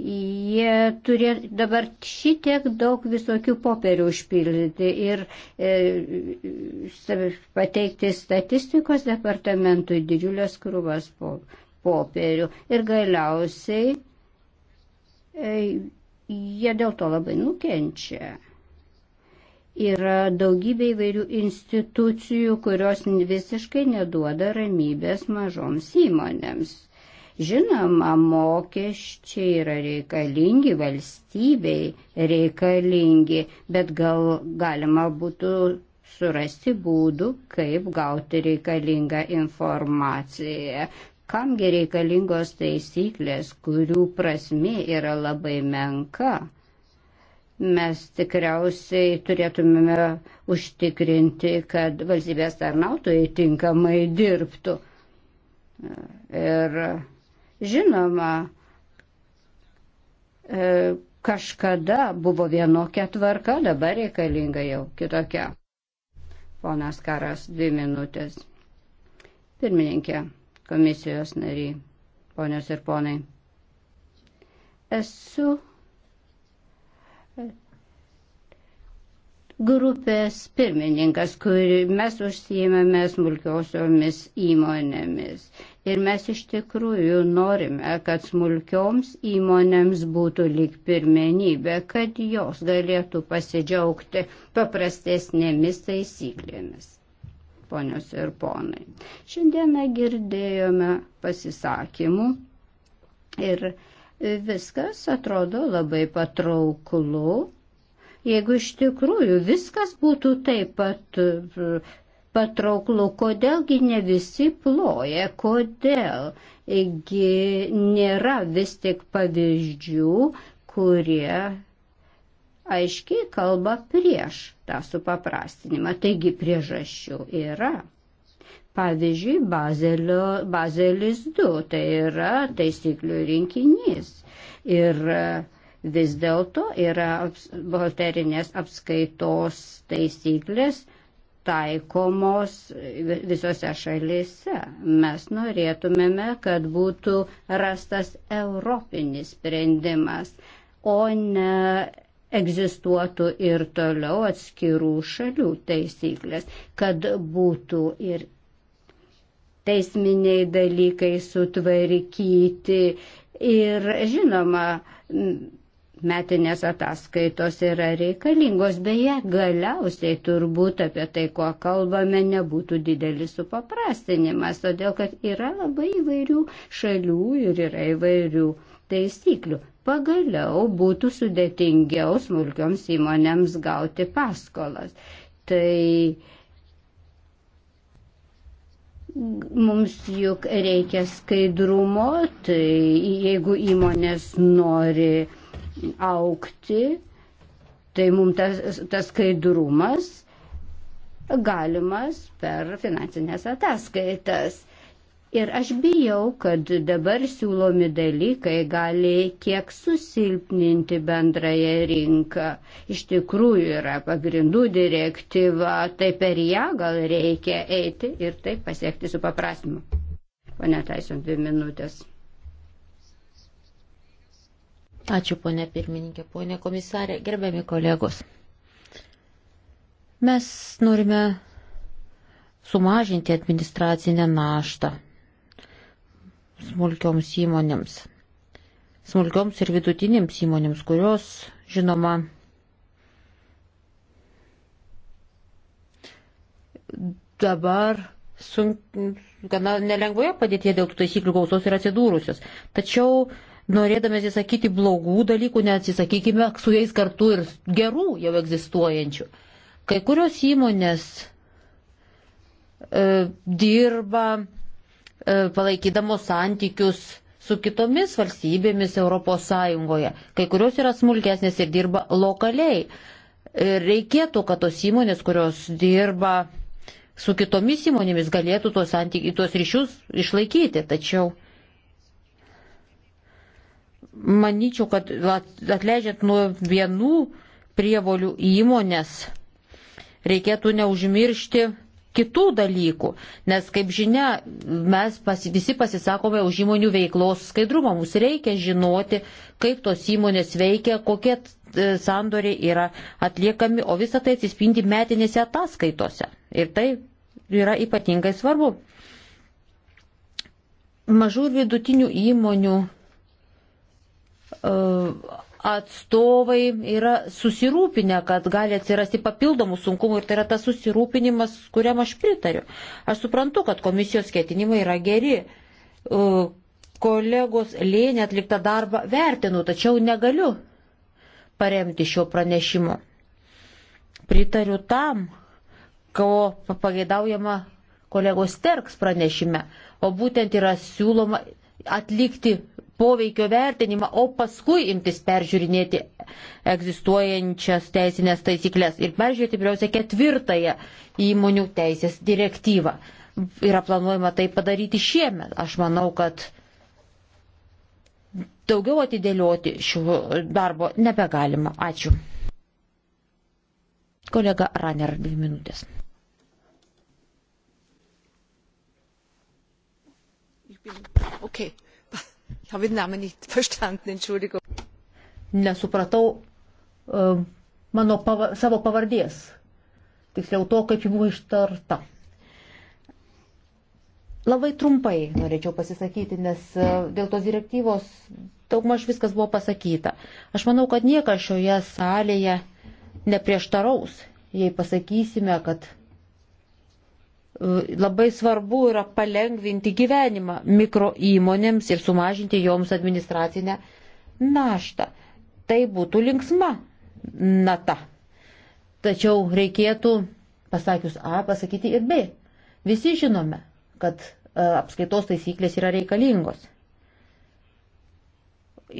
jie turė dabar šitiek daug visokių popierių užpildyti ir e, pateikti statistikos departamentui didžiulės krūvas popierių popierių ir galiausiai e, jie dėl to labai nukenčia. Yra daugybė įvairių institucijų, kurios visiškai neduoda ramybės mažoms įmonėms. Žinoma, mokesčiai yra reikalingi, valstybei reikalingi, bet gal galima būtų surasti būdų, kaip gauti reikalingą informaciją. Kamgi reikalingos taisyklės, kurių prasmi yra labai menka? Mes tikriausiai turėtumėme užtikrinti, kad valstybės tarnautojai tinkamai dirbtų. Ir žinoma, e, kažkada buvo vienokia tvarka, dabar reikalinga jau kitokia. Ponas Karas, dvi minutės. Pirmininkė komisijos nariai, ponios ir ponai. Esu grupės pirmininkas, kuri mes užsijėmėme smulkiosiomis įmonėmis. Ir mes iš tikrųjų norime, kad smulkioms įmonėms būtų lyg pirmenybė, kad jos galėtų pasidžiaugti paprastesnėmis taisyklėmis ponios ir ponai. Šiandieną girdėjome pasisakymų ir viskas atrodo labai patrauklu. Jeigu iš tikrųjų viskas būtų taip pat e, patrauklu, kodėlgi ne visi ploja, kodėl gi nėra vis tik pavyzdžių, kurie aiškiai kalba prieš tą supaprastinimą. Taigi priežasčių yra. Pavyzdžiui, bazelio, bazelis 2 tai yra taisyklių rinkinys. Ir vis dėlto yra aps, buhalterinės apskaitos taisyklės taikomos visose šalyse. Mes norėtumėme, kad būtų rastas europinis sprendimas, o ne egzistuotų ir toliau atskirų šalių taisyklės, kad būtų ir teisminiai dalykai sutvarkyti ir, žinoma, metinės ataskaitos yra reikalingos, beje, galiausiai turbūt apie tai, kuo kalbame, nebūtų didelis supaprastinimas, todėl kad yra labai įvairių šalių ir yra įvairių taisyklių pagaliau būtų sudėtingiau smulkioms įmonėms gauti paskolas. Tai mums juk reikia skaidrumo, tai jeigu įmonės nori aukti, tai mums tas, tas skaidrumas galimas per finansinės ataskaitas. Ir aš bijau, kad dabar siūlomi dalykai gali kiek susilpninti bendrąją rinką. Iš tikrųjų yra pagrindų direktyva, tai per ją gal reikia eiti ir taip pasiekti su paprasmu. Pane Taisom, dvi minutės. Ačiū, ponė pirmininkė, ponė komisarė, gerbiami kolegos. Mes norime sumažinti administracinę naštą smulkioms įmonėms, smulkioms ir vidutinėms įmonėms, kurios, žinoma, dabar sunk, gana nelengvoje padėtėje dėl tų taisyklių gausos ir atsidūrusios. Tačiau norėdami atsisakyti blogų dalykų, neatsisakykime su jais kartu ir gerų jau egzistuojančių. Kai kurios įmonės e, dirba E, palaikydamos santykius su kitomis valstybėmis ES. Kai kurios yra smulkesnės ir dirba lokaliai. Ir e, reikėtų, kad tos įmonės, kurios dirba su kitomis įmonėmis, galėtų tuos, santyki, tuos ryšius išlaikyti. Tačiau manyčiau, kad atleidžiant nuo vienų prievolių įmonės, reikėtų neužmiršti kitų dalykų, nes, kaip žinia, mes pasi, visi pasisakome už įmonių veiklos skaidrumą, mums reikia žinoti, kaip tos įmonės veikia, kokie e, sandoriai yra atliekami, o visą tai atsispindi metinėse ataskaitose. Ir tai yra ypatingai svarbu. Mažų ir vidutinių įmonių uh, atstovai yra susirūpinę, kad gali atsirasti papildomų sunkumų ir tai yra tas susirūpinimas, kuriam aš pritariu. Aš suprantu, kad komisijos ketinimai yra geri. E, kolegos Lėnė atliktą darbą vertinu, tačiau negaliu paremti šio pranešimo. Pritariu tam, ko pageidaujama kolegos Terks pranešime, o būtent yra siūloma atlikti poveikio vertinimą, o paskui imtis peržiūrinėti egzistuojančias teisinės taisyklės ir peržiūrėti pirmiausia ketvirtąją įmonių teisės direktyvą. Yra planuojama tai padaryti šiemet. Aš manau, kad daugiau atidėlioti šio darbo nebegalima. Ačiū. Kolega Raner, dvi minutės. Okay habe den Namen nicht verstanden, Entschuldigung. Nesupratau e, mano pava, savo pavardės. Tiksliau to, kaip ji buvo ištarta. Labai trumpai norėčiau pasisakyti, nes e, dėl tos direktyvos daugmaž viskas buvo pasakyta. Aš manau, kad niekas šioje salėje neprieštaraus, jei pasakysime, kad Labai svarbu yra palengvinti gyvenimą mikro įmonėms ir sumažinti joms administracinę naštą. Tai būtų linksma nata. Tačiau reikėtų, pasakius A, pasakyti ir B. Visi žinome, kad e, apskaitos taisyklės yra reikalingos.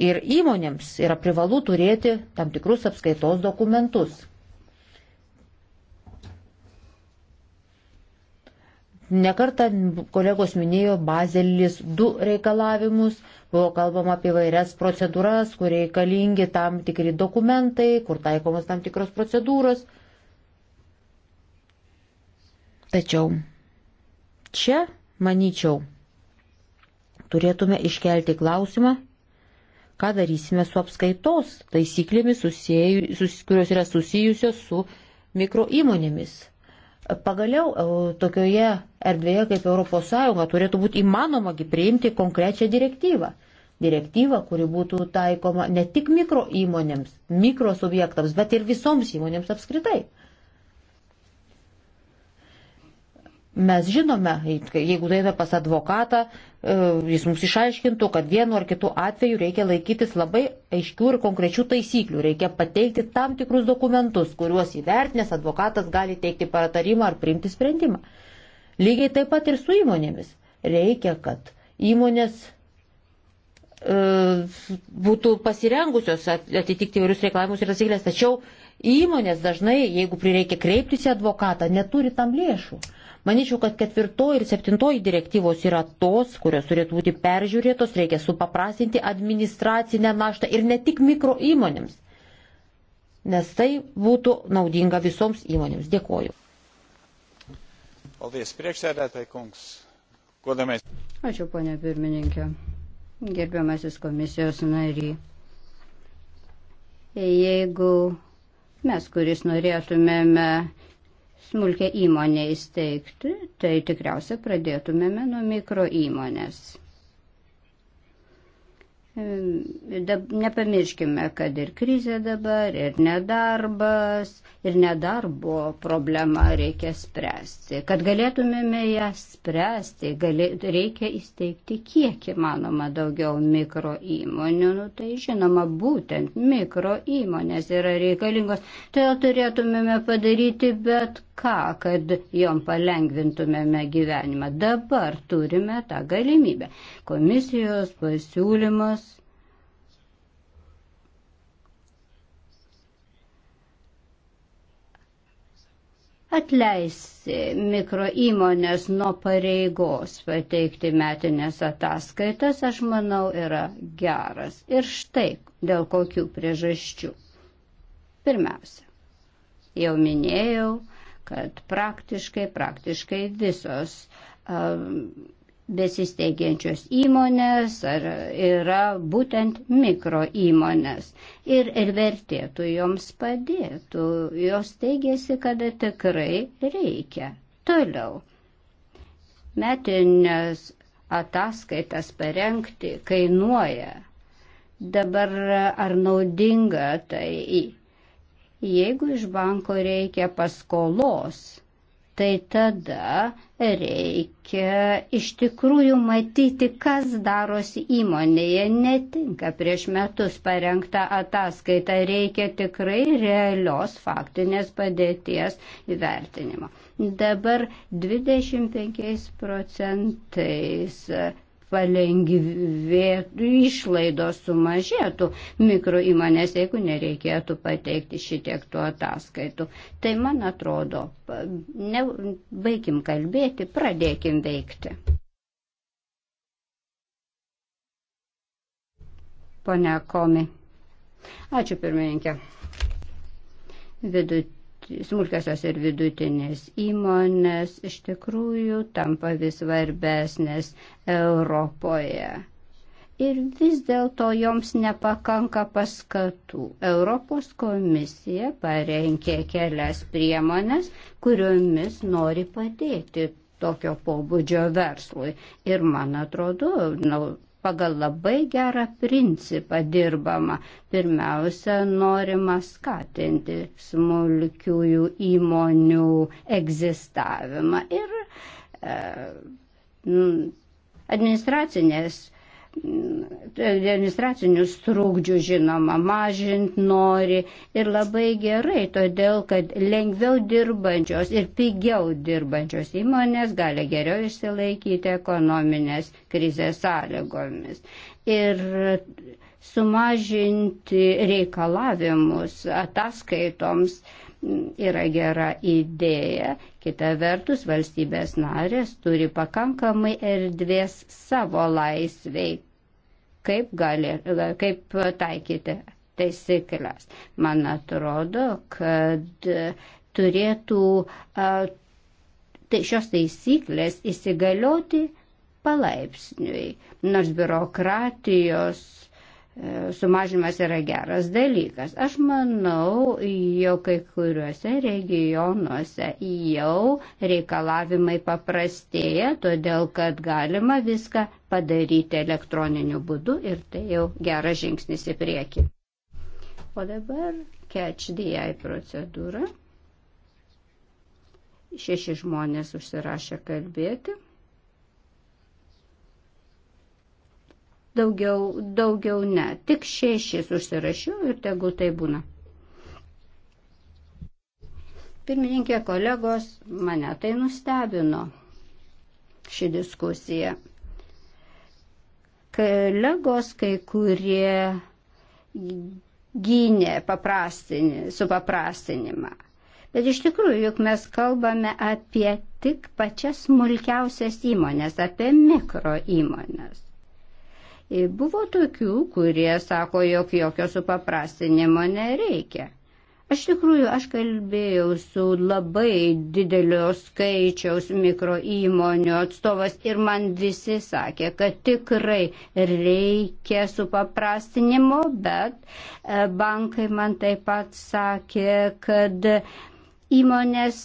Ir įmonėms yra privalu turėti tam tikrus apskaitos dokumentus. Nekartą kolegos minėjo bazelis 2 reikalavimus, buvo kalbama apie vairias procedūras, kur reikalingi tam tikri dokumentai, kur taikomos tam tikros procedūros. Tačiau čia, manyčiau, turėtume iškelti klausimą, ką darysime su apskaitos taisyklėmis, susijus, kurios yra susijusios su mikro įmonėmis. Pagaliau e, tokioje erdvėje kaip ES turėtų būti įmanomagi priimti konkrečią direktyvą. Direktyvą, kuri būtų taikoma ne tik mikro įmonėms, mikro subjektams, bet ir visoms įmonėms apskritai. Mes žinome, jeigu einame pas advokatą, e, jis mums išaiškintų, kad vienu ar kitu atveju reikia laikytis labai aiškių ir konkrečių taisyklių, reikia pateikti tam tikrus dokumentus, kuriuos įvertinęs advokatas gali teikti paratarimą ar priimti sprendimą. Lygiai taip pat ir su įmonėmis. Reikia, kad įmonės e, būtų pasirengusios atitikti įvairius reikalavimus ir taisyklės, tačiau įmonės dažnai, jeigu prireikia kreiptis į advokatą, neturi tam lėšų. Maničiau, kad ketvirtoji ir septintoji direktyvos yra tos, kurios turėtų būti peržiūrėtos, reikia supaprastinti administracinę naštą ir ne tik mikro įmonėms, nes tai būtų naudinga visoms įmonėms. Dėkoju. Paldies, priekšsėdėtai, kungs. Godamės. Ačiū, ponė pirmininkė. Gerbiamasis komisijos nary. Jeigu mes, kuris norėtumėme smulkia įmonė įsteigti, tai tikriausia pradėtumėme nuo mikro įmonės. Nepamirškime, kad ir krizė dabar, ir nedarbas, ir nedarbo problemą reikia spręsti. Kad galėtumėme ją spręsti, galė, reikia įsteigti kiek įmanoma daugiau mikro įmonių. Nu, tai žinoma, būtent mikro įmonės yra reikalingos. Todėl tai turėtumėme padaryti bet ką, kad jom palengvintumėme gyvenimą. Dabar turime tą galimybę. Komisijos pasiūlymas. Atleis mikro įmonės nuo pareigos pateikti metinės ataskaitas, aš manau, yra geras. Ir štai dėl kokių priežasčių. Pirmiausia, jau minėjau, kad praktiškai, praktiškai visos um, besisteigiančios įmonės ar yra būtent mikro įmonės. Ir, ir vertėtų joms padėtų, jos teigėsi, kada tikrai reikia. Toliau. Metinės ataskaitas parengti kainuoja. Dabar ar naudinga tai Jeigu iš banko reikia paskolos, tai tada reikia iš tikrųjų matyti, kas darosi įmonėje. Netinka prieš metus parengta ataskaita, reikia tikrai realios faktinės padėties įvertinimo. Dabar 25 procentais palengvėtų, išlaidos sumažėtų mikro įmonės, jeigu nereikėtų pateikti šitiek tų ataskaitų. Tai man atrodo, ne, baigim kalbėti, pradėkim veikti. Pone Komi. Ačiū pirmininkė. Vidut smulkiosios ir vidutinės įmonės iš tikrųjų tampa vis svarbesnės Europoje. Ir vis dėlto joms nepakanka paskatų. Europos komisija parengė kelias priemonės, kuriomis nori padėti tokio pobūdžio verslui. Ir man atrodo, na, pagal labai gerą principą dirbama. Pirmiausia, norima skatinti smulkiųjų įmonių egzistavimą ir e, administracinės administracinius trūkdžius, žinoma, mažinti nori ir labai gerai, todėl kad lengviau dirbančios ir pigiau dirbančios įmonės gali geriau išsilaikyti ekonominės krizės sąlygomis. Ir sumažinti reikalavimus ataskaitoms yra gera idėja Kita vertus, valstybės narės turi pakankamai erdvės savo laisviai, kaip, gali, kaip taikyti taisyklės. Man atrodo, kad turėtų tai šios taisyklės įsigalioti palaipsniui, nors biurokratijos E, sumažinimas yra geras dalykas. Aš manau, jau kai kuriuose regionuose jau reikalavimai paprastėja, todėl kad galima viską padaryti elektroniniu būdu ir tai jau geras žingsnis į priekį. O dabar catch DI procedūra. Šeši žmonės užsirašė kalbėti. daugiau, daugiau ne. Tik šešis užsirašiau ir tegul tai būna. Pirmininkė kolegos, mane tai nustebino ši diskusija. Kolegos kai kurie gynė supaprastinimą. Bet iš tikrųjų, juk mes kalbame apie tik pačias smulkiausias įmonės, apie mikro įmonės. E buvo tokių, kurie sako, jog jokio supaprastinimo nereikia. Aš tikrųjų, aš kalbėjau su labai didelio skaičiaus mikro įmonių atstovas ir man visi sakė, kad tikrai reikia supaprastinimo, bet e, bankai man taip pat sakė, kad įmonės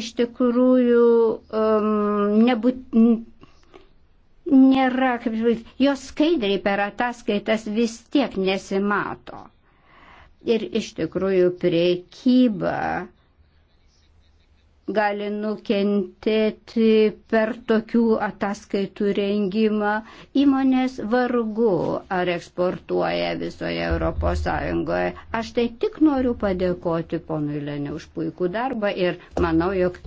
iš tikrųjų um, nebūt, nėra, kaip žinot, jos skaidriai per ataskaitas vis tiek nesimato. Ir iš tikrųjų priekyba gali nukentėti per tokių ataskaitų rengimą. Įmonės vargu ar eksportuoja visoje ES. Aš tai tik noriu padėkoti ponui Lenė už puikų darbą ir manau, jog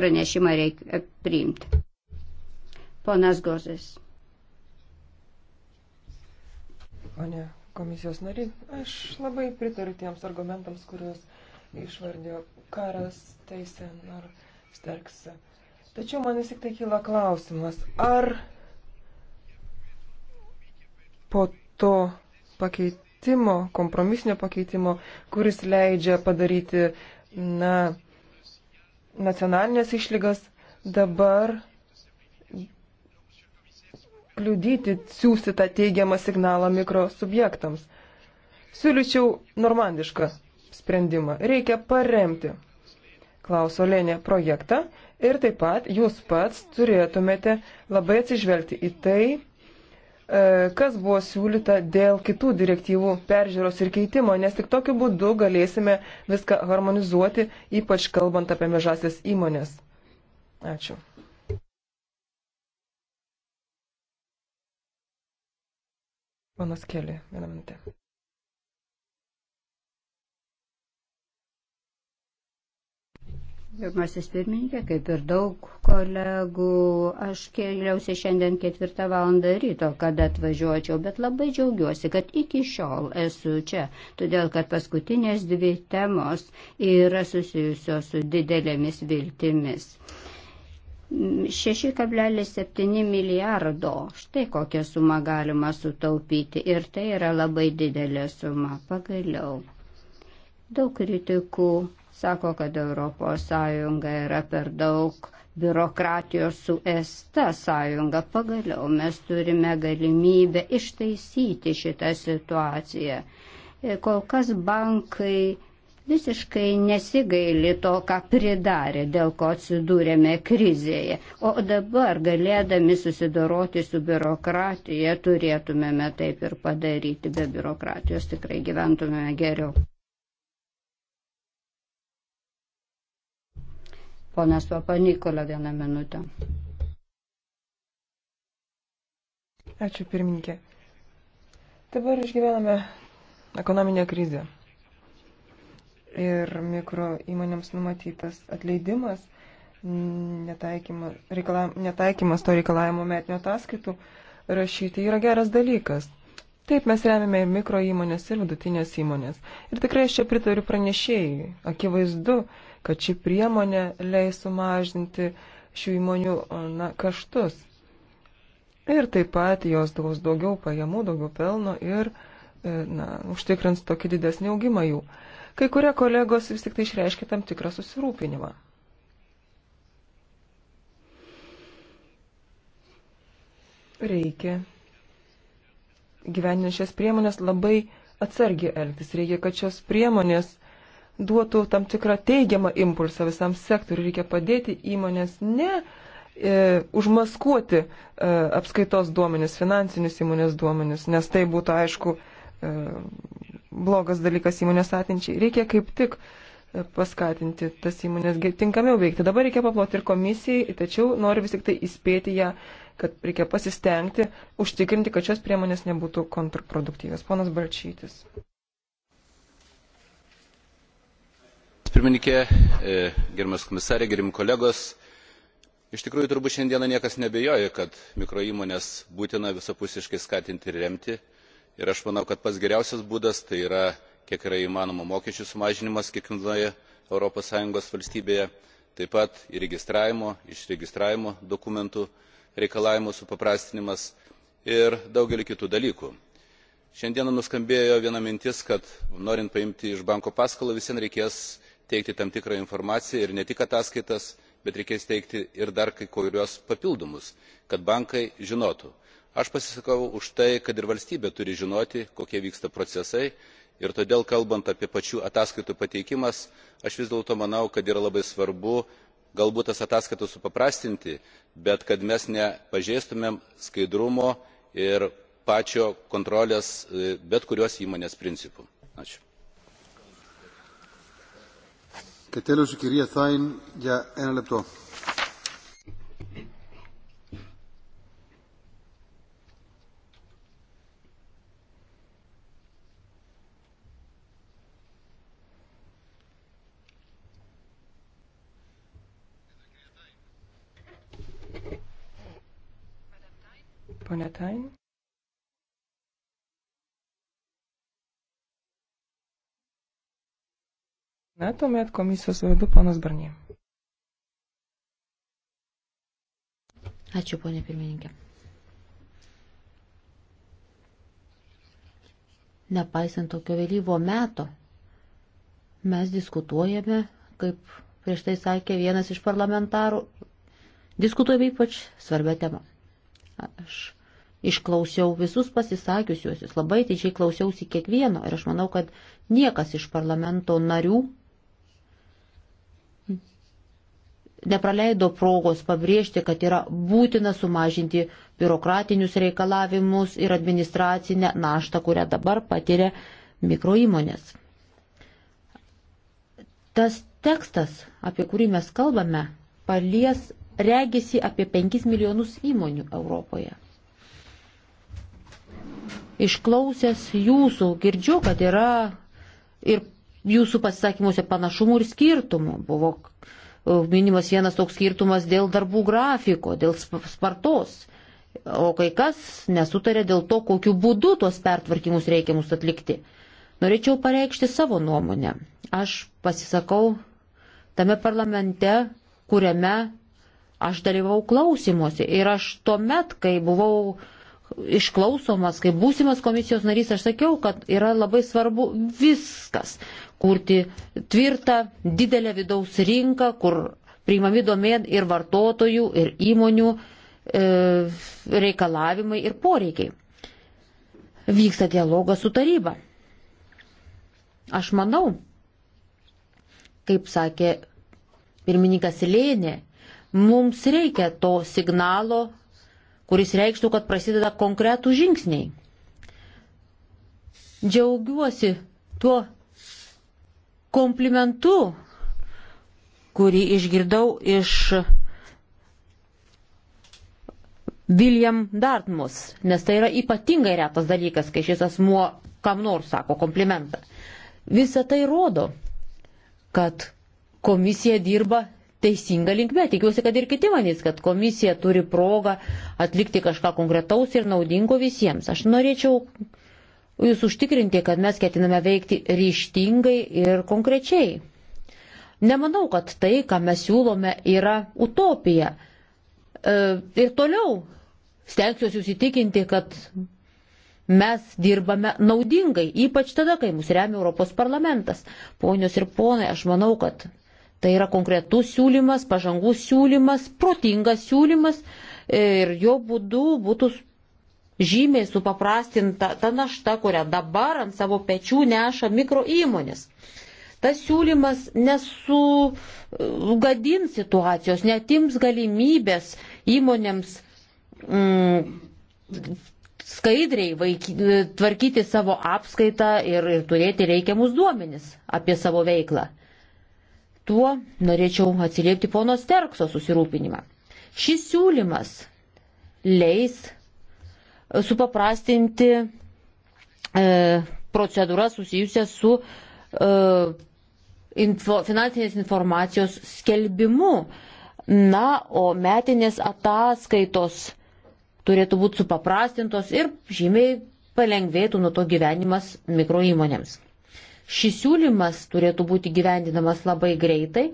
pranešimą reikia priimti. Ponas Gozės. Pone komisijos nari, aš labai pritariu tiems argumentams, kuriuos išvardėjo karas, teisė ar sterksa. Tačiau man vis tik tai kyla klausimas, ar po to pakeitimo, kompromisinio pakeitimo, kuris leidžia padaryti na, nacionalinės išlygas, dabar kliudyti siūsti tą teigiamą signalą mikrosubjektams. Siūlyčiau normandišką sprendimą. Reikia paremti Klauso Lenė projektą ir taip pat jūs pats turėtumėte labai atsižvelgti į tai, e, kas buvo siūlyta dėl kitų direktyvų peržiūros ir keitimo, nes tik tokiu būdu galėsime viską harmonizuoti, ypač kalbant apie mežasias įmonės. Ačiū. Panas Keli, vieną minutę. Pirmasis pirmininkė, kaip ir daug kolegų, aš keliausi šiandien ketvirtą valandą ryto, kad atvažiuočiau, bet labai džiaugiuosi, kad iki šiol esu čia, todėl kad paskutinės dvi temos yra susijusios su didelėmis viltimis. 6,7 milijardo. Štai kokią sumą galima sutaupyti ir tai yra labai didelė suma pagaliau. Daug kritikų sako, kad ES yra per daug biurokratijos su ESTA sąjunga. Pagaliau mes turime galimybę ištaisyti šitą situaciją. Kol kas bankai visiškai nesigaili to, ką pridarė, dėl ko atsidūrėme krizėje. O dabar, galėdami susidoroti su biurokratija, turėtumėme taip ir padaryti. Be biurokratijos tikrai gyventumėme geriau. Ponas Papa Nikola vieną minutę. Ačiū pirmininkė. Dabar išgyvename ekonominę krizę ir mikro įmonėms numatytas atleidimas, netaikymas, reikalavim, netaikymas to reikalavimo metinio ataskaitų rašyti yra geras dalykas. Taip, mes remiame ir mikro įmonės, ir vidutinės įmonės. Ir tikrai aš čia pritariu pranešėjai. Akivaizdu, kad ši priemonė leis sumažinti šių įmonių na, kaštus. Ir taip pat jos gaus daugiau pajamų, daugiau pelno ir e, na, užtikrins tokį didesnį augimą jų. Uh, Kai kurie kolegos vis tik tai išreiškia tam tikrą susirūpinimą. Reikia gyveninant šias priemonės labai atsargiai elgtis. Reikia, kad šios priemonės duotų tam tikrą teigiamą impulsą visam sektoriu. Reikia padėti įmonės ne e, užmaskuoti e, apskaitos duomenis, finansinius įmonės duomenis, nes tai būtų aišku e, blogas dalykas įmonės atinčiai. Reikia kaip tik e, paskatinti tas įmonės tinkamiau veikti. Dabar reikia paploti ir komisijai, tačiau noriu vis tik tai įspėti ją, kad reikia pasistengti, užtikrinti, kad šios priemonės nebūtų kontraproduktyvios. Ponas Balčytis. Pirmininkė, e, gerimas komisarė, gerim kolegos. Iš tikrųjų, turbūt šiandieną niekas nebejoja, kad mikroįmonės būtina visapusiškai skatinti ir remti ir aš manau kad pats geriausias būdas tai yra kiek yra įmanoma mokesčių sumažinimas kiekvienoje europos sąjungos valstybėje taip pat įregistravimo išregistravimo dokumentų reikalavimų supaprastinimas ir daugelis kitų dalykų. šiandien nuskambėjo viena mintis kad norint paimti iš banko paskolą vis vien reikės teikti tam tikrą informaciją ir ne tik ataskaitas bet reikės teikti ir dar kai kuriuos papildomus kad bankai žinotų aš pasisakau už tai kad ir valstybė turi žinoti kokie vyksta procesai ir todėl kalbant apie pačių ataskaitų pateikimą aš vis dėlto manau kad yra labai svarbu galbūt tas ataskaitas supaprastinti bet kad mes nepažeistumėm skaidrumo ir pačio kontrolės e, bet kurios įmonės principų. Ačiū. Και τέλος η κυρία Θάιν για ένα λεπτό. Pone Tain. Na, tuomet komisijos vardu ponas Barnė. Ačiū, ponė pirmininkė. Nepaisant tokio vėlyvo meto, mes diskutuojame, kaip prieš tai sakė vienas iš parlamentarų, diskutuojame ypač svarbią temą. Aš Išklausiau visus pasisakiusiuosius, labai teidžiai klausiausi kiekvieno ir aš manau, kad niekas iš parlamento narių nepraleido progos pabrėžti, kad yra būtina sumažinti biurokratinius reikalavimus ir administracinę naštą, kurią dabar patiria mikroįmonės. Tas tekstas, apie kurį mes kalbame, palies regisi apie 5 milijonus įmonių Europoje. Išklausęs jūsų, girdžiu, kad yra ir jūsų pasisakymuose panašumų ir skirtumų. Buvo e, minimas vienas toks skirtumas dėl darbų grafiko, dėl spartos. O kai kas nesutarė dėl to, kokiu būdu tuos pertvarkymus reikiamus atlikti. Norėčiau pareikšti savo nuomonę. Aš pasisakau tame parlamente, kuriame aš dalyvau klausimuose. Ir aš tuo met, kai buvau išklausomas, kaip būsimas komisijos narys, aš sakiau, kad yra labai svarbu viskas - kurti tvirtą, didelę vidaus rinką, kur priimami domėn ir vartotojų, ir įmonių e, reikalavimai ir poreikiai. Vyksta dialogas su taryba. Aš manau, kaip sakė pirmininkas Lėnė, mums reikia to signalo kuris reikštų, kad prasideda konkretų žingsniai. Džiaugiuosi tuo komplimentu, kurį išgirdau iš William Dartmus, nes tai yra ypatingai retas dalykas, kai šis asmuo kam nors sako komplimentą. Visa tai rodo, kad komisija dirba teisinga linkme. Tikiuosi, kad ir kiti manys, kad komisija turi progą atlikti kažką konkretaus ir naudingo visiems. Aš norėčiau jūs užtikrinti, kad mes ketiname veikti ryštingai ir konkrečiai. Nemanau, kad tai, ką mes siūlome, yra utopija. E, ir toliau stengsiuosi jūs įtikinti, kad mes dirbame naudingai, ypač tada, kai mus remia Europos parlamentas. Ponios ir ponai, aš manau, kad Tai yra konkretus siūlymas, pažangus siūlymas, protingas siūlymas ir jo būdu būtų žymiai supaprastinta ta našta, kurią dabar ant savo pečių neša mikro įmonės. Tas siūlymas nesugadins situacijos, netims galimybės įmonėms mm, skaidriai vaiky, tvarkyti savo apskaitą ir, ir turėti reikiamus duomenis apie savo veiklą. Tuo norėčiau atsiliepti pono Sterkso susirūpinimą. Šis siūlymas leis supaprastinti e, procedūrą susijusią su e, info, finansinės informacijos skelbimu. Na, o metinės ataskaitos turėtų būti supaprastintos ir žymiai palengvėtų nuo to gyvenimas mikroįmonėms. Šis siūlymas turėtų būti gyvendinamas labai greitai.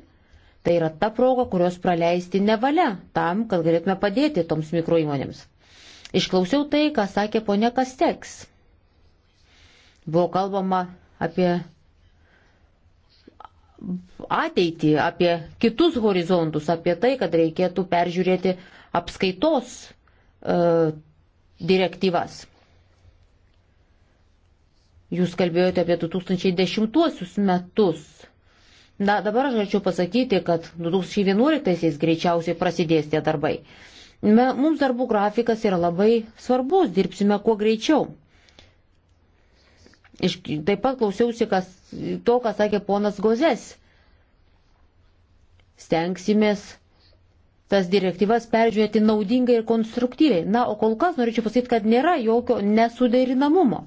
Tai yra ta proga, kurios praleisti nevalia tam, kad galėtume padėti toms mikroįmonėms. Išklausiau tai, ką sakė ponia Kasteks. Buvo kalbama apie ateitį, apie kitus horizontus, apie tai, kad reikėtų peržiūrėti apskaitos e, direktyvas. Jūs kalbėjote apie 2010 metus. Na, dabar aš galėčiau pasakyti, kad 2011-aisiais greičiausiai prasidės tie darbai. Mums darbų grafikas yra labai svarbus, dirbsime kuo greičiau. Iš, taip pat klausiausi kas, to, ką sakė ponas Gozės. Stengsimės tas direktyvas peržiūrėti naudingai ir konstruktyviai. Na, o kol kas norėčiau pasakyti, kad nėra jokio nesuderinamumo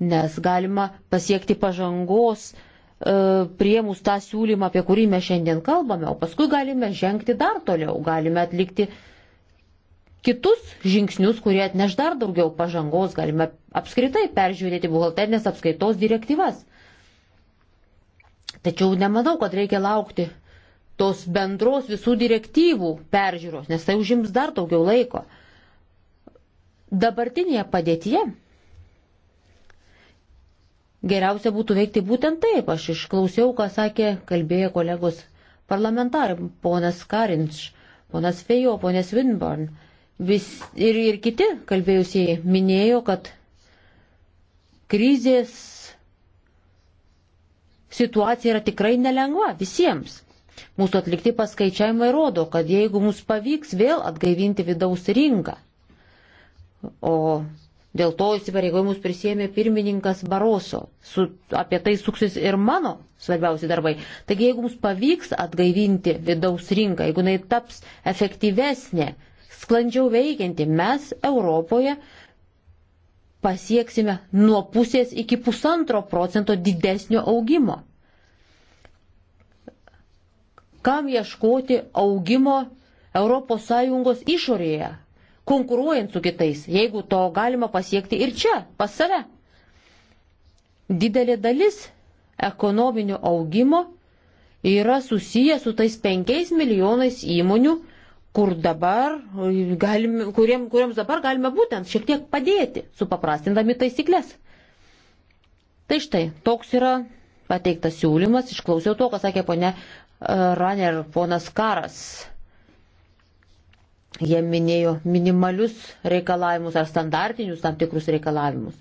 nes galima pasiekti pažangos e, priemus tą siūlymą, apie kurį mes šiandien kalbame, o paskui galime žengti dar toliau, galime atlikti kitus žingsnius, kurie atneš dar daugiau pažangos, galime apskritai peržiūrėti buhalternės apskaitos direktyvas. Tačiau nemanau, kad reikia laukti tos bendros visų direktyvų peržiūros, nes tai užims dar daugiau laiko. Dabartinėje padėtyje geriausia būtų veikti būtent taip. Aš išklausiau, ką sakė, kalbėjo kolegos parlamentarai, ponas Karinč, ponas Fejo, ponas Winburn. Vis, ir, ir kiti kalbėjusieji minėjo, kad krizės situacija yra tikrai nelengva visiems. Mūsų atlikti paskaičiavimai rodo, kad jeigu mums pavyks vėl atgaivinti vidaus rinką, o Dėl to įsipareigojimus prisėmė pirmininkas Baroso. Su, apie tai suksis ir mano svarbiausi darbai. Taigi, jeigu mums pavyks atgaivinti vidaus rinką, jeigu jinai taps efektyvesnė, sklandžiau veikianti, mes Europoje pasieksime nuo pusės iki pusantro procento didesnio augimo. Kam ieškoti augimo ES išorėje, konkuruojant su kitais, jeigu to galima pasiekti ir čia, pas save. Didelė dalis ekonominio augimo yra susiję su tais penkiais milijonais įmonių, kur dabar galime, kuriem, kuriems dabar galime būtent šiek tiek padėti, supaprastindami taisyklės. Tai štai, toks yra pateiktas siūlymas, išklausiau to, ką sakė ponė e, Raner, ponas Karas. Jie minėjo minimalius reikalavimus ar standartinius tam tikrus reikalavimus.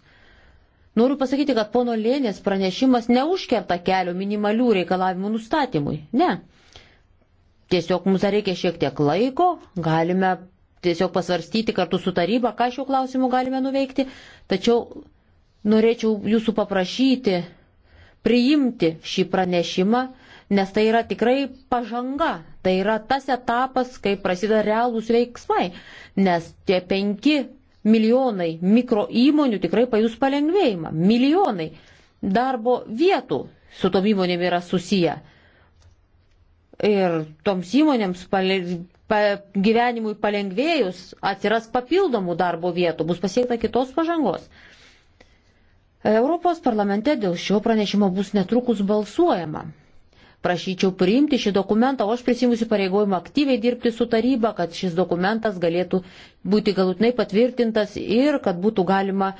Noriu pasakyti, kad pono Lėnės pranešimas neužkerta kelio minimalių reikalavimų nustatymui. Ne. Tiesiog mums reikia šiek tiek laiko, galime tiesiog pasvarstyti kartu su taryba, ką šiuo klausimu galime nuveikti, tačiau norėčiau jūsų paprašyti priimti šį pranešimą, nes tai yra tikrai pažanga Tai yra tas etapas, kai prasideda realūs veiksmai, nes tie penki milijonai mikro įmonių tikrai pajus palengvėjimą. Milijonai darbo vietų su tom įmonėm yra susiję. Ir toms įmonėms pale, pa, gyvenimui palengvėjus atsiras papildomų darbo vietų, bus pasiekta kitos pažangos. Europos parlamente dėl šio pranešimo bus netrukus balsuojama prašyčiau priimti šį dokumentą, o aš prisimusiu pareigojimą aktyviai dirbti su taryba, kad šis dokumentas galėtų būti galutinai patvirtintas ir kad būtų galima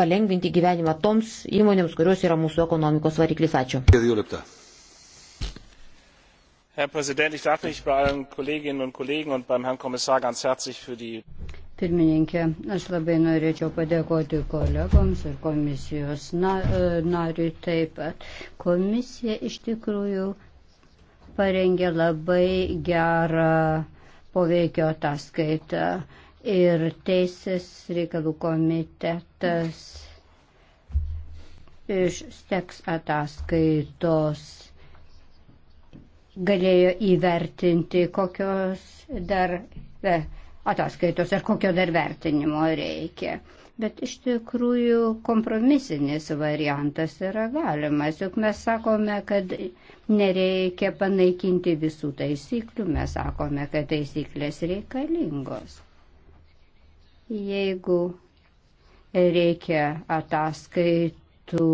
palengvinti gyvenimą toms įmonėms, kurios yra mūsų ekonomikos variklis. Ačiū. Herr Präsident, ich darf mich bei allen Kolleginnen und Kollegen und beim Herrn Kommissar ganz herzlich für die. Pirmininkė, aš labai norėčiau padėkoti kolegoms ir komisijos na, e, nariui taip pat. Komisija iš tikrųjų parengė labai gerą poveikio ataskaitą ir Teisės reikalų komitetas iš steks ataskaitos galėjo įvertinti, kokios dar e, ataskaitos ar kokio dar vertinimo reikia bet iš tikrųjų kompromisinis variantas yra galimas. Juk mes sakome, kad nereikia panaikinti visų taisyklių, mes sakome, kad taisyklės reikalingos. Jeigu reikia ataskaitų,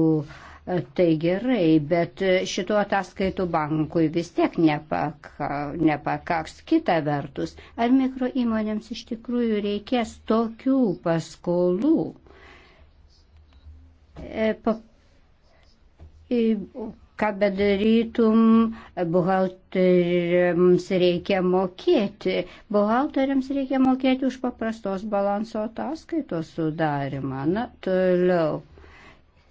Tai gerai, bet šituo ataskaitų bankui vis tiek nepaka, nepakaks. Kita vertus, ar mikro įmonėms iš tikrųjų reikės tokių paskolų? E, pa, e, ką bedarytum, buhalteriams reikia mokėti. Buhalteriams reikia mokėti už paprastos balanso ataskaitos sudarimą. Na, toliau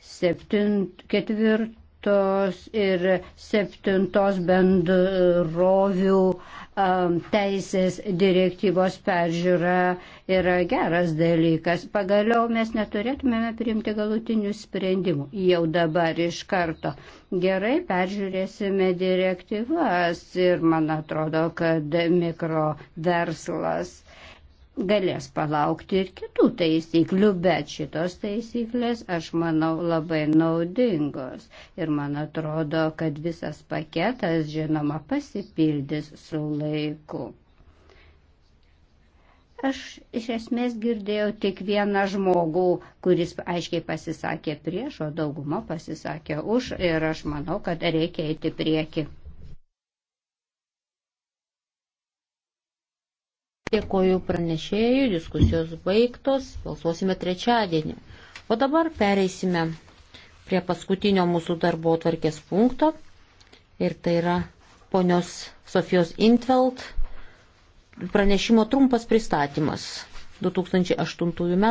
septint, ketvirtos ir septintos bendrovių um, teisės direktyvos peržiūra yra geras dalykas. Pagaliau mes neturėtumėme priimti galutinių sprendimų jau dabar iš karto. Gerai peržiūrėsime direktyvas ir man atrodo, kad mikroverslas galės palaukti ir kitų taisyklių, bet šitos taisyklės, aš manau, labai naudingos. Ir man atrodo, kad visas paketas, žinoma, pasipildys su laiku. Aš iš esmės girdėjau tik vieną žmogų, kuris aiškiai pasisakė prieš, o dauguma pasisakė už ir aš manau, kad reikia eiti prieki. Dėkoju pranešėjui, diskusijos baigtos, balsuosime trečiadienį. O dabar pereisime prie paskutinio mūsų darbo tvarkės punkto. Ir tai yra ponios Sofijos Intveld pranešimo trumpas pristatymas 2008 metų.